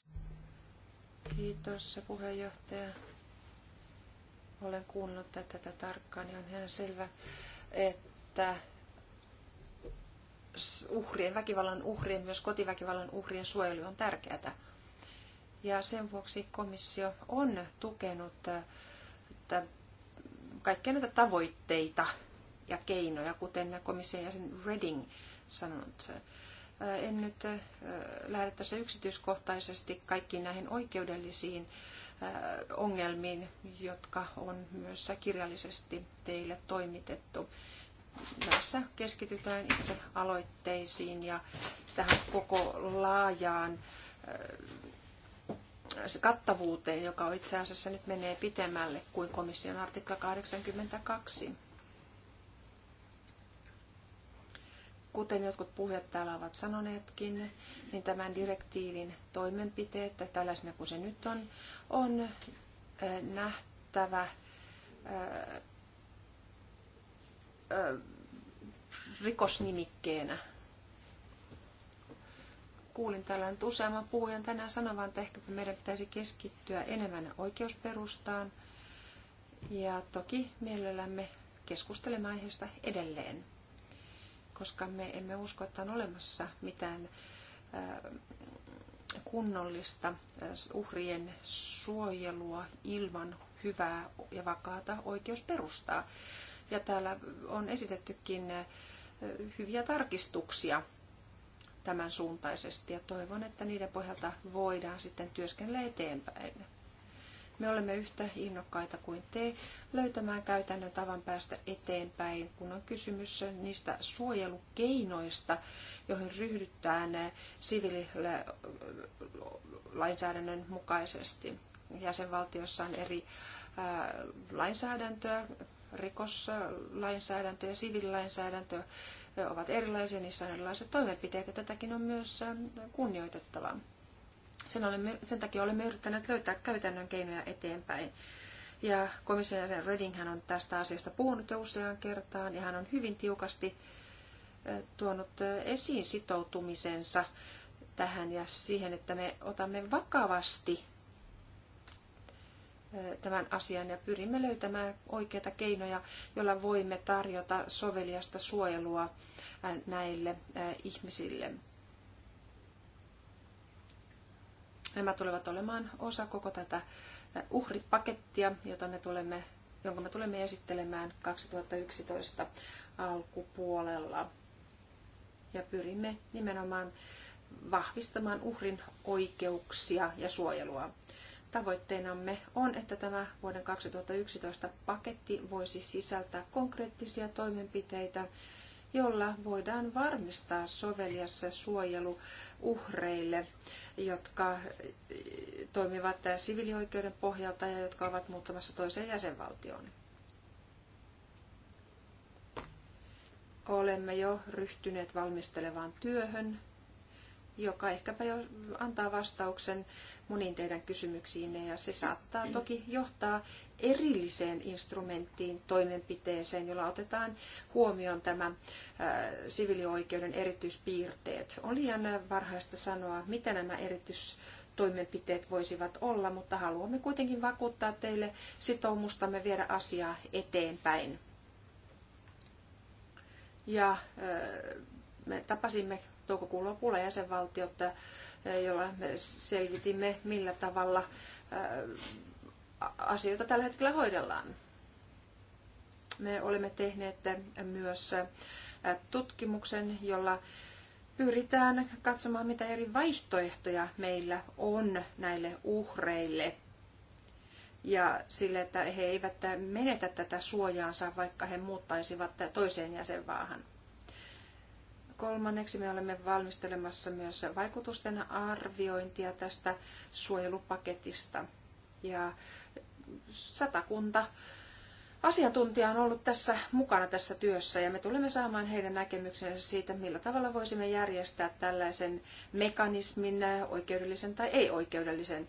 Kiitos puheenjohtaja. Olen kuunnellut tätä tarkkaan ja niin on ihan selvä, että uhrien, väkivallan uhrien, myös kotiväkivallan uhrien suojelu on tärkeää. Ja sen vuoksi komissio on tukenut että äh, kaikkia näitä tavoitteita ja keinoja, kuten komission jäsen Reading sanonut. Äh, en nyt äh, lähde tässä yksityiskohtaisesti kaikkiin näihin oikeudellisiin ongelmiin, jotka on myös kirjallisesti teille toimitettu näissä keskitytään itse aloitteisiin ja tähän koko laajaan äh, kattavuuteen, joka itse asiassa nyt menee pitemmälle kuin komission artikla 82. Kuten jotkut puhujat täällä ovat sanoneetkin, niin tämän direktiivin toimenpiteet, tällaisena kuin se nyt on, on äh, nähtävä äh, rikosnimikkeenä. Kuulin täällä nyt useamman puhujan tänään sanovan, että ehkäpä meidän pitäisi keskittyä enemmän oikeusperustaan. Ja toki mielellämme keskustelemme aiheesta edelleen, koska me emme usko, että on olemassa mitään kunnollista uhrien suojelua ilman hyvää ja vakaata oikeusperustaa ja täällä on esitettykin eh, hyviä tarkistuksia tämän suuntaisesti ja toivon, että niiden pohjalta voidaan sitten työskennellä eteenpäin. Me olemme yhtä innokkaita kuin te löytämään käytännön tavan päästä eteenpäin, kun on kysymys niistä suojelukeinoista, joihin ryhdytään eh, siviililainsäädännön mukaisesti. Jäsenvaltiossa on eri lainsäädäntöä, rikoslainsäädäntö ja sivililainsäädäntö ovat erilaisia, niissä on erilaiset toimenpiteet ja tätäkin on myös kunnioitettava. Sen, olemme, sen takia olemme yrittäneet löytää käytännön keinoja eteenpäin. Ja komission jäsen Redding hän on tästä asiasta puhunut jo useaan kertaan ja hän on hyvin tiukasti tuonut esiin sitoutumisensa tähän ja siihen, että me otamme vakavasti tämän asian ja pyrimme löytämään oikeita keinoja, joilla voimme tarjota soveliasta suojelua näille ihmisille. Nämä tulevat olemaan osa koko tätä uhripakettia, jota me tulemme, jonka me tulemme esittelemään 2011 alkupuolella. Ja pyrimme nimenomaan vahvistamaan uhrin oikeuksia ja suojelua. Tavoitteenamme on, että tämä vuoden 2011 paketti voisi sisältää konkreettisia toimenpiteitä, jolla voidaan varmistaa soveliassa suojelu uhreille, jotka eh, toimivat sivilioikeuden pohjalta ja jotka ovat muuttamassa toiseen jäsenvaltioon. Olemme jo ryhtyneet valmistelevaan työhön joka ehkäpä jo antaa vastauksen moniin teidän kysymyksiinne ja se saattaa toki johtaa erilliseen instrumenttiin, toimenpiteeseen, jolla otetaan huomioon tämä äh, sivilioikeuden erityispiirteet. On liian varhaista sanoa, mitä nämä erityistoimenpiteet voisivat olla, mutta haluamme kuitenkin vakuuttaa teille sitoumustamme viedä asiaa eteenpäin. Ja äh, me tapasimme toukokuun lopulla jäsenvaltiota, eh, jolla me selvitimme, millä tavalla eh, asioita tällä hetkellä hoidellaan. Me olemme tehneet myös eh, tutkimuksen, jolla pyritään katsomaan, mitä eri vaihtoehtoja meillä on näille uhreille ja sille, että he eivät menetä tätä suojaansa, vaikka he muuttaisivat toiseen jäsenvaahan. Kolmanneksi me olemme valmistelemassa myös vaikutusten arviointia tästä suojelupaketista. Ja satakunta asiantuntija on ollut tässä mukana tässä työssä ja me tulemme saamaan heidän näkemyksensä siitä, millä tavalla voisimme järjestää tällaisen mekanismin, oikeudellisen tai ei-oikeudellisen,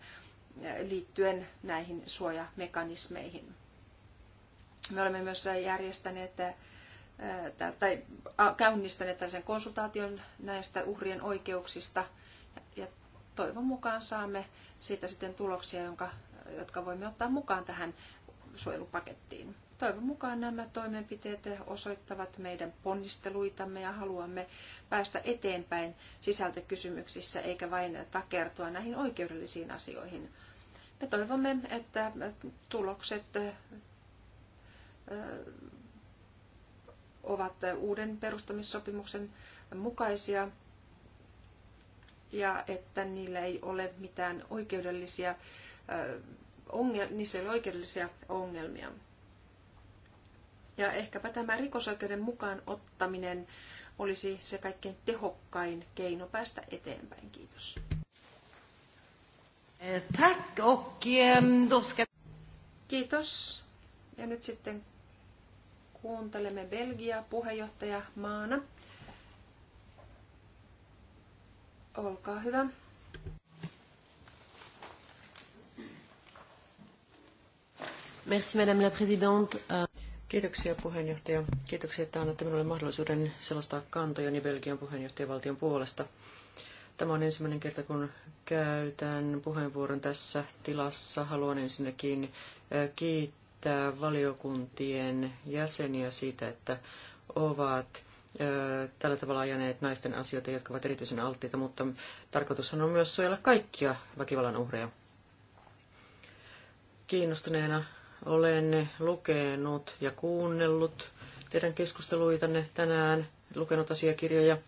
eh, liittyen näihin suojamekanismeihin. Me olemme myös järjestäneet eh, tai käynnistäneet tällaisen konsultaation näistä uhrien oikeuksista. Ja toivon mukaan saamme siitä sitten tuloksia, jonka, jotka voimme ottaa mukaan tähän suojelupakettiin. Toivon mukaan nämä toimenpiteet osoittavat meidän ponnisteluitamme ja haluamme päästä eteenpäin sisältökysymyksissä eikä vain takertua näihin oikeudellisiin asioihin. Me toivomme, että tulokset ovat uuden perustamissopimuksen mukaisia ja että niillä ei ole mitään oikeudellisia, ongel, niissä ei ole oikeudellisia ongelmia. Ja ehkäpä tämä rikosoikeuden mukaan ottaminen olisi se kaikkein tehokkain keino päästä eteenpäin. Kiitos. Eh, tack och ehm, då ska... Kiitos. Ja nyt sitten kuuntelemme Belgia puheenjohtaja maana. Olkaa hyvä. Merci, Madame la Présidente. Kiitoksia puheenjohtaja. Kiitoksia, että annatte minulle mahdollisuuden selostaa kantojani Belgian puheenjohtajavaltion puolesta. Tämä on ensimmäinen kerta, kun käytän puheenvuoron tässä tilassa. Haluan ensinnäkin eh, kiittää kiittää valiokuntien jäseniä siitä, että ovat tällä tavalla ajaneet naisten asioita, jotka ovat erityisen alttiita, mutta tarkoitushan on myös suojella kaikkia väkivallan uhreja. Kiinnostuneena olen lukenut ja kuunnellut teidän keskusteluitanne tänään, lukenut asiakirjoja,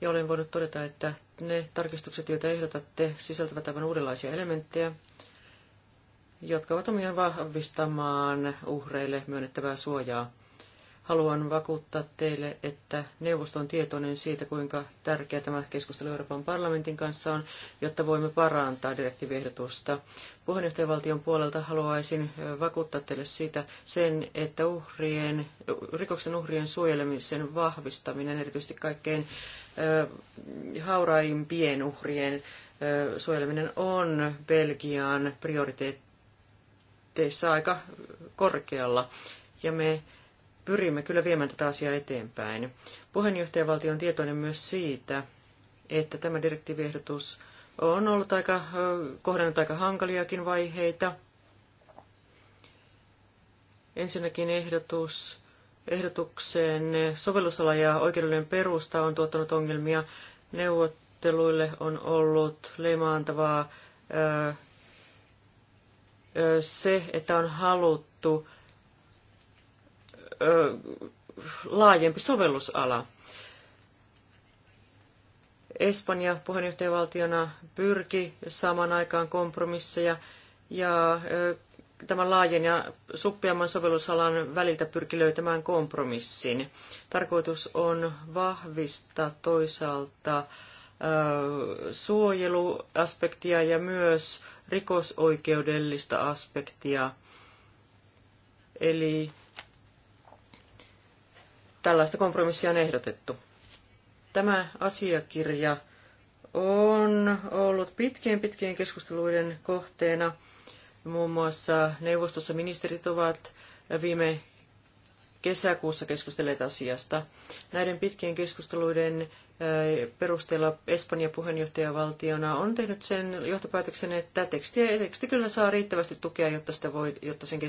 ja olen voinut todeta, että ne tarkistukset, joita ehdotatte, sisältävät aivan uudenlaisia elementtejä, jotka ovat omiaan vahvistamaan uhreille myönnettävää suojaa. Haluan vakuuttaa teille, että neuvosto on tietoinen siitä, kuinka tärkeä tämä keskustelu Euroopan parlamentin kanssa on, jotta voimme parantaa direktiiviehdotusta. Puheenjohtajavaltion puolelta haluaisin vakuuttaa teille siitä sen, että uhrien, rikoksen uhrien suojelemisen vahvistaminen, erityisesti kaikkein hauraimpien uhrien suojeleminen on Belgian prioriteetti tavoitteissa aika korkealla. Ja me pyrimme kyllä viemään tätä asiaa eteenpäin. Puheenjohtajavaltio on tietoinen myös siitä, että tämä direktiiviehdotus on ollut aika, kohdannut aika hankaliakin vaiheita. Ensinnäkin ehdotus, ehdotuksen sovellusala ja oikeudellinen perusta on tuottanut ongelmia. Neuvotteluille on ollut leimaantavaa se, että on haluttu laajempi sovellusala. Espanja puheenjohtajavaltiona pyrki saamaan aikaan kompromisseja ja tämän laajen ja suppeamman sovellusalan väliltä pyrki löytämään kompromissin. Tarkoitus on vahvistaa toisaalta suojeluaspektia ja myös rikosoikeudellista aspektia. Eli tällaista kompromissia on ehdotettu. Tämä asiakirja on ollut pitkien pitkien keskusteluiden kohteena. Muun muassa neuvostossa ministerit ovat viime kesäkuussa keskustelleet asiasta. Näiden pitkien keskusteluiden perusteella Espanja puheenjohtajavaltiona on tehnyt sen johtopäätöksen, että teksti teksti kyllä saa riittävästi tukea, jotta, sitä voi, jotta sen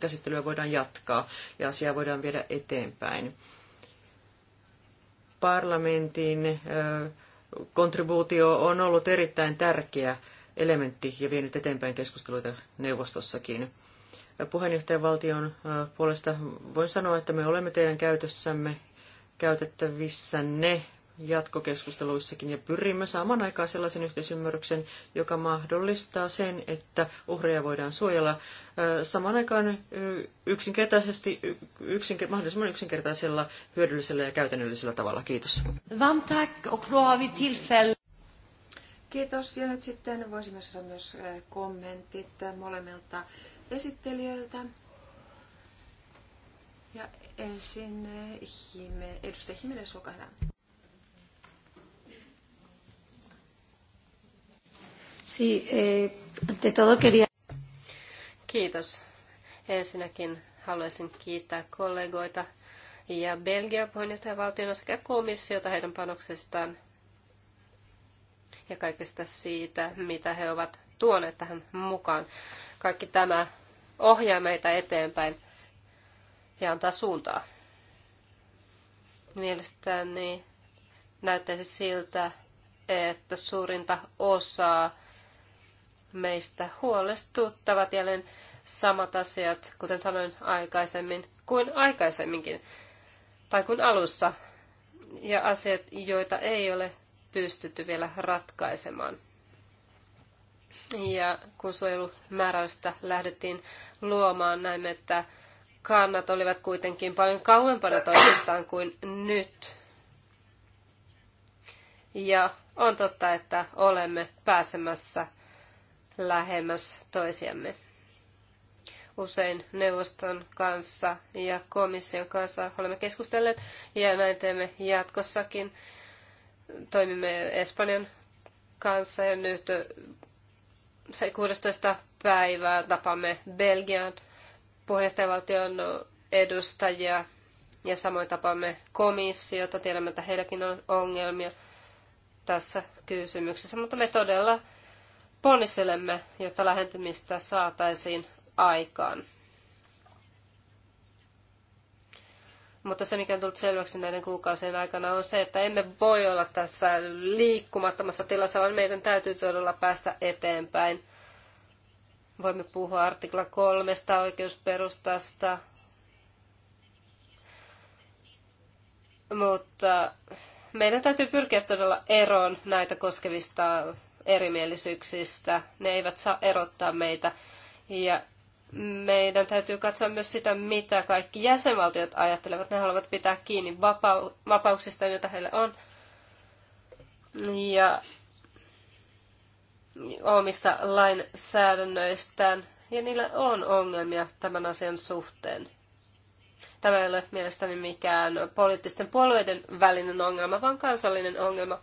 käsittelyä voidaan jatkaa ja asiaa voidaan viedä eteenpäin. Parlamentin kontribuutio on ollut erittäin tärkeä elementti ja vienyt eteenpäin keskusteluita neuvostossakin. Puheenjohtajavaltion puolesta voin sanoa, että me olemme teidän käytössämme käytettävissä ne jatkokeskusteluissakin ja pyrimme saamaan aikaan sellaisen yhteisymmärryksen, joka mahdollistaa sen, että uhreja voidaan suojella samaan aikaan yksinkertaisesti, yksinker, mahdollisimman yksinkertaisella, hyödyllisellä ja käytännöllisellä tavalla. Kiitos. Kiitos. Ja nyt sitten voisimme saada myös kommentit molemmilta esittelijöiltä. Ja ensin Hime, edustaja Himenes, olkaa hyvä. Sí, eh, ante todo quería... Kiitos. Ensinnäkin haluaisin kiittää kollegoita ja Belgia puheenjohtajavaltiona sekä komissiota heidän panoksestaan ja kaikesta siitä, mitä he ovat tuoneet tähän mukaan. Kaikki tämä ohjaa meitä eteenpäin ja antaa suuntaa. Mielestäni näyttäisi siltä, että suurinta osaa meistä huolestuttavat jälleen samat asiat, kuten sanoin aikaisemmin, kuin aikaisemminkin, tai kuin alussa, ja asiat, joita ei ole pystytty vielä ratkaisemaan. Ja kun suojelumääräystä lähdettiin luomaan, näimme, että kannat olivat kuitenkin paljon kauempana toisistaan kuin nyt. Ja on totta, että olemme pääsemässä lähemmäs toisiamme. Usein neuvoston kanssa ja komission kanssa olemme keskustelleet ja näin teemme jatkossakin. Toimimme Espanjan kanssa ja nyt se 16. päivää tapamme Belgian puheenjohtajavaltion edustajia ja samoin tapaamme komissiota. Tiedämme, että heilläkin on ongelmia tässä kysymyksessä, mutta me todella ponnistelemme, jotta lähentymistä saataisiin aikaan. Mutta se, mikä on tullut selväksi näiden kuukausien aikana, on se, että emme voi olla tässä liikkumattomassa tilassa, vaan meidän täytyy todella päästä eteenpäin. Voimme puhua artikla kolmesta oikeusperustasta, mutta meidän täytyy pyrkiä todella eroon näitä koskevista erimielisyyksistä. Ne eivät saa erottaa meitä. Ja meidän täytyy katsoa myös sitä, mitä kaikki jäsenvaltiot ajattelevat. Ne haluavat pitää kiinni vapau- vapauksista, joita heille on. Ja omista lainsäädännöistään. Ja niillä on ongelmia tämän asian suhteen. Tämä ei ole mielestäni mikään poliittisten puolueiden välinen ongelma, vaan kansallinen ongelma.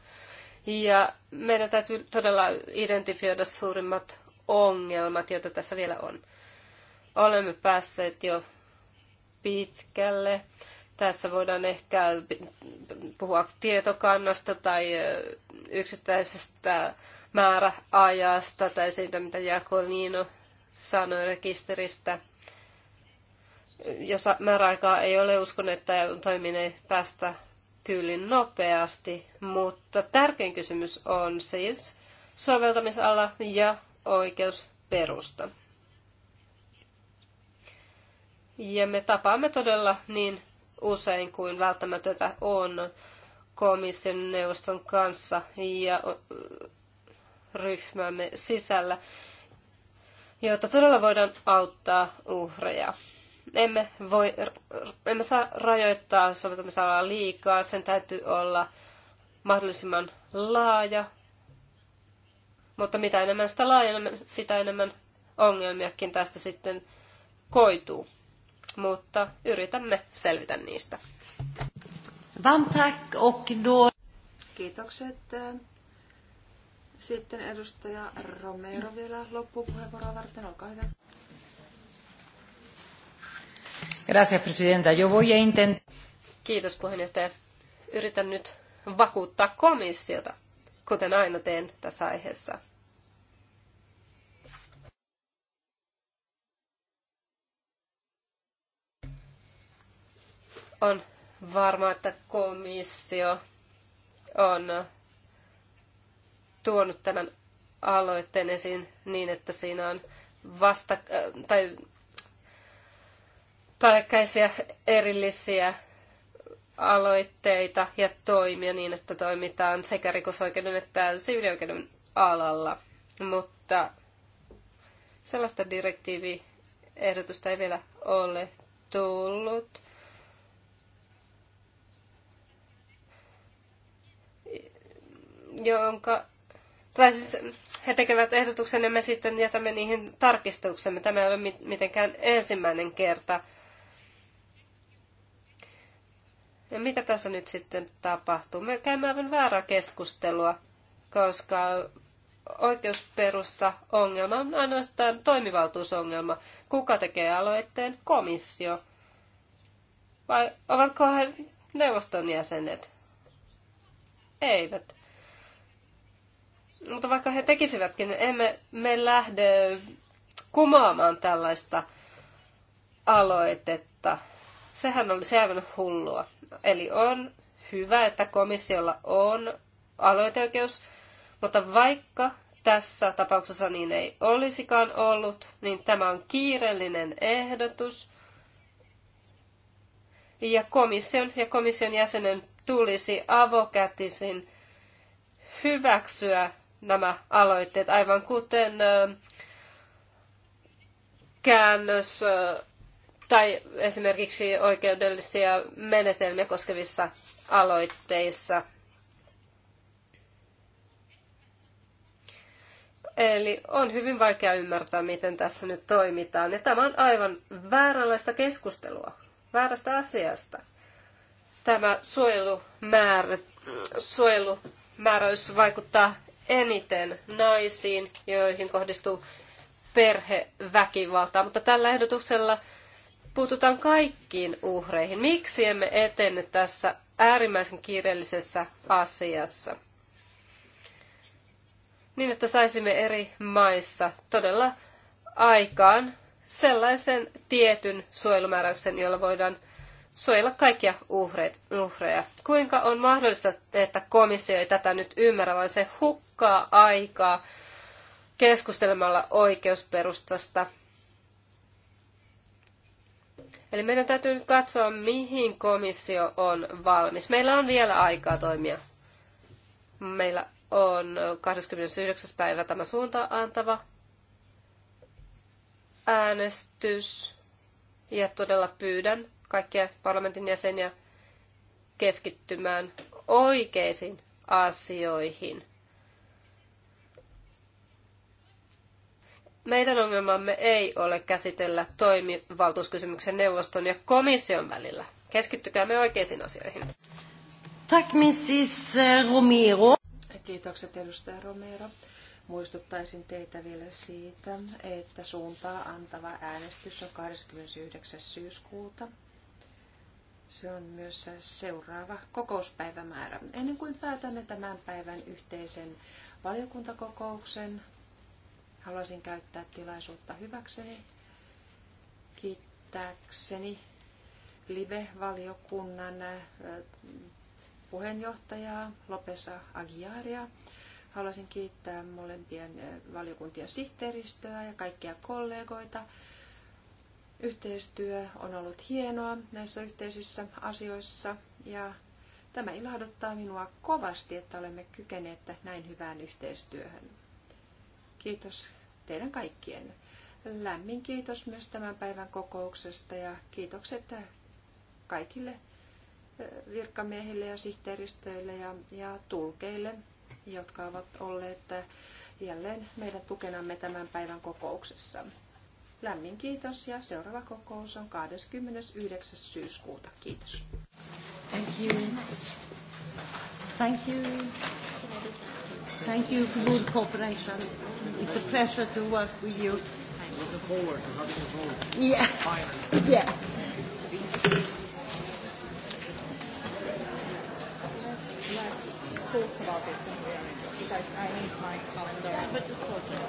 Ja meidän täytyy todella identifioida suurimmat ongelmat, joita tässä vielä on. Olemme päässeet jo pitkälle. Tässä voidaan ehkä puhua tietokannasta tai yksittäisestä määräajasta tai siitä, mitä Jakolino sanoi rekisteristä. Jos määräaikaa ei ole, uskon, että toiminen ei päästä kyllin nopeasti, mutta tärkein kysymys on siis soveltamisala ja oikeusperusta. Ja me tapaamme todella niin usein kuin välttämätöntä on komission neuvoston kanssa ja ryhmämme sisällä, jotta todella voidaan auttaa uhreja. Emme, voi, emme saa rajoittaa soveltamisalaa liikaa, sen täytyy olla mahdollisimman laaja, mutta mitä enemmän sitä laajemmin, sitä enemmän ongelmiakin tästä sitten koituu. Mutta yritämme selvitä niistä. Vam Kiitokset. Sitten edustaja Romero vielä loppupuheenvuoroa varten. Olkaa hyvä. Gracias, presidenta. Yo voy a Kiitos puheenjohtaja. Yritän nyt vakuuttaa komissiota, kuten aina teen tässä aiheessa. On varma, että komissio on tuonut tämän aloitteen esiin niin, että siinä on vasta, äh, tai päällekkäisiä erillisiä aloitteita ja toimia niin, että toimitaan sekä rikosoikeuden että siviilioikeuden alalla. Mutta sellaista direktiiviehdotusta ei vielä ole tullut. Jonka, tai siis he tekevät ehdotuksen ja me sitten jätämme niihin tarkistuksemme. Tämä ei ole mitenkään ensimmäinen kerta, Ja mitä tässä nyt sitten tapahtuu? Me käymme aivan väärää keskustelua, koska oikeusperusta ongelma on ainoastaan toimivaltuusongelma. Kuka tekee aloitteen? Komissio. Vai ovatko he neuvoston jäsenet? Eivät. Mutta vaikka he tekisivätkin, emme me lähde kumoamaan tällaista aloitetta. Sehän on aivan hullua. Eli on hyvä, että komissiolla on aloiteoikeus, mutta vaikka tässä tapauksessa niin ei olisikaan ollut, niin tämä on kiireellinen ehdotus. Ja komission ja komission jäsenen tulisi avokätisin hyväksyä nämä aloitteet, aivan kuten käännös tai esimerkiksi oikeudellisia menetelmiä koskevissa aloitteissa. Eli on hyvin vaikea ymmärtää, miten tässä nyt toimitaan. Ja tämä on aivan vääränlaista keskustelua, väärästä asiasta. Tämä suojelumäärä, suojelumääräys vaikuttaa eniten naisiin, joihin kohdistuu perheväkivaltaa, mutta tällä ehdotuksella puututaan kaikkiin uhreihin. Miksi emme etene tässä äärimmäisen kiireellisessä asiassa? Niin, että saisimme eri maissa todella aikaan sellaisen tietyn suojelumääräyksen, jolla voidaan suojella kaikkia uhreja. Kuinka on mahdollista, että komissio ei tätä nyt ymmärrä, vaan se hukkaa aikaa keskustelemalla oikeusperustasta Eli meidän täytyy nyt katsoa, mihin komissio on valmis. Meillä on vielä aikaa toimia. Meillä on 29. päivä tämä suunta antava äänestys. Ja todella pyydän kaikkia parlamentin jäseniä keskittymään oikeisiin asioihin. meidän ongelmamme ei ole käsitellä toimivaltuuskysymyksen neuvoston ja komission välillä. Keskittykäämme oikeisiin asioihin. Tack, Mrs. Eh, Romero. Kiitokset, edustaja Romero. Muistuttaisin teitä vielä siitä, että suuntaa antava äänestys on 29. syyskuuta. Se on myös seuraava kokouspäivämäärä. Ennen kuin päätämme tämän päivän yhteisen valiokuntakokouksen, Haluaisin käyttää tilaisuutta hyväkseni, kiittääkseni Live-valiokunnan puheenjohtajaa Lopesa Agiaria. Haluaisin kiittää molempien valiokuntien sihteeristöä ja kaikkia kollegoita. Yhteistyö on ollut hienoa näissä yhteisissä asioissa ja tämä ilahduttaa minua kovasti, että olemme kykeneet näin hyvään yhteistyöhön. Kiitos teidän kaikkien. Lämmin kiitos myös tämän päivän kokouksesta ja kiitokset kaikille virkamiehille ja sihteeristöille ja, ja tulkeille, jotka ovat olleet jälleen meidän tukenamme tämän päivän kokouksessa. Lämmin kiitos ja seuraava kokous on 29. syyskuuta. Kiitos. Thank you. Thank you. Thank you for good cooperation. It's a pleasure to work with you. Looking forward to having Yeah. Finally. Yeah. Let's talk about it. I need my calendar. Yeah, but just talk about it.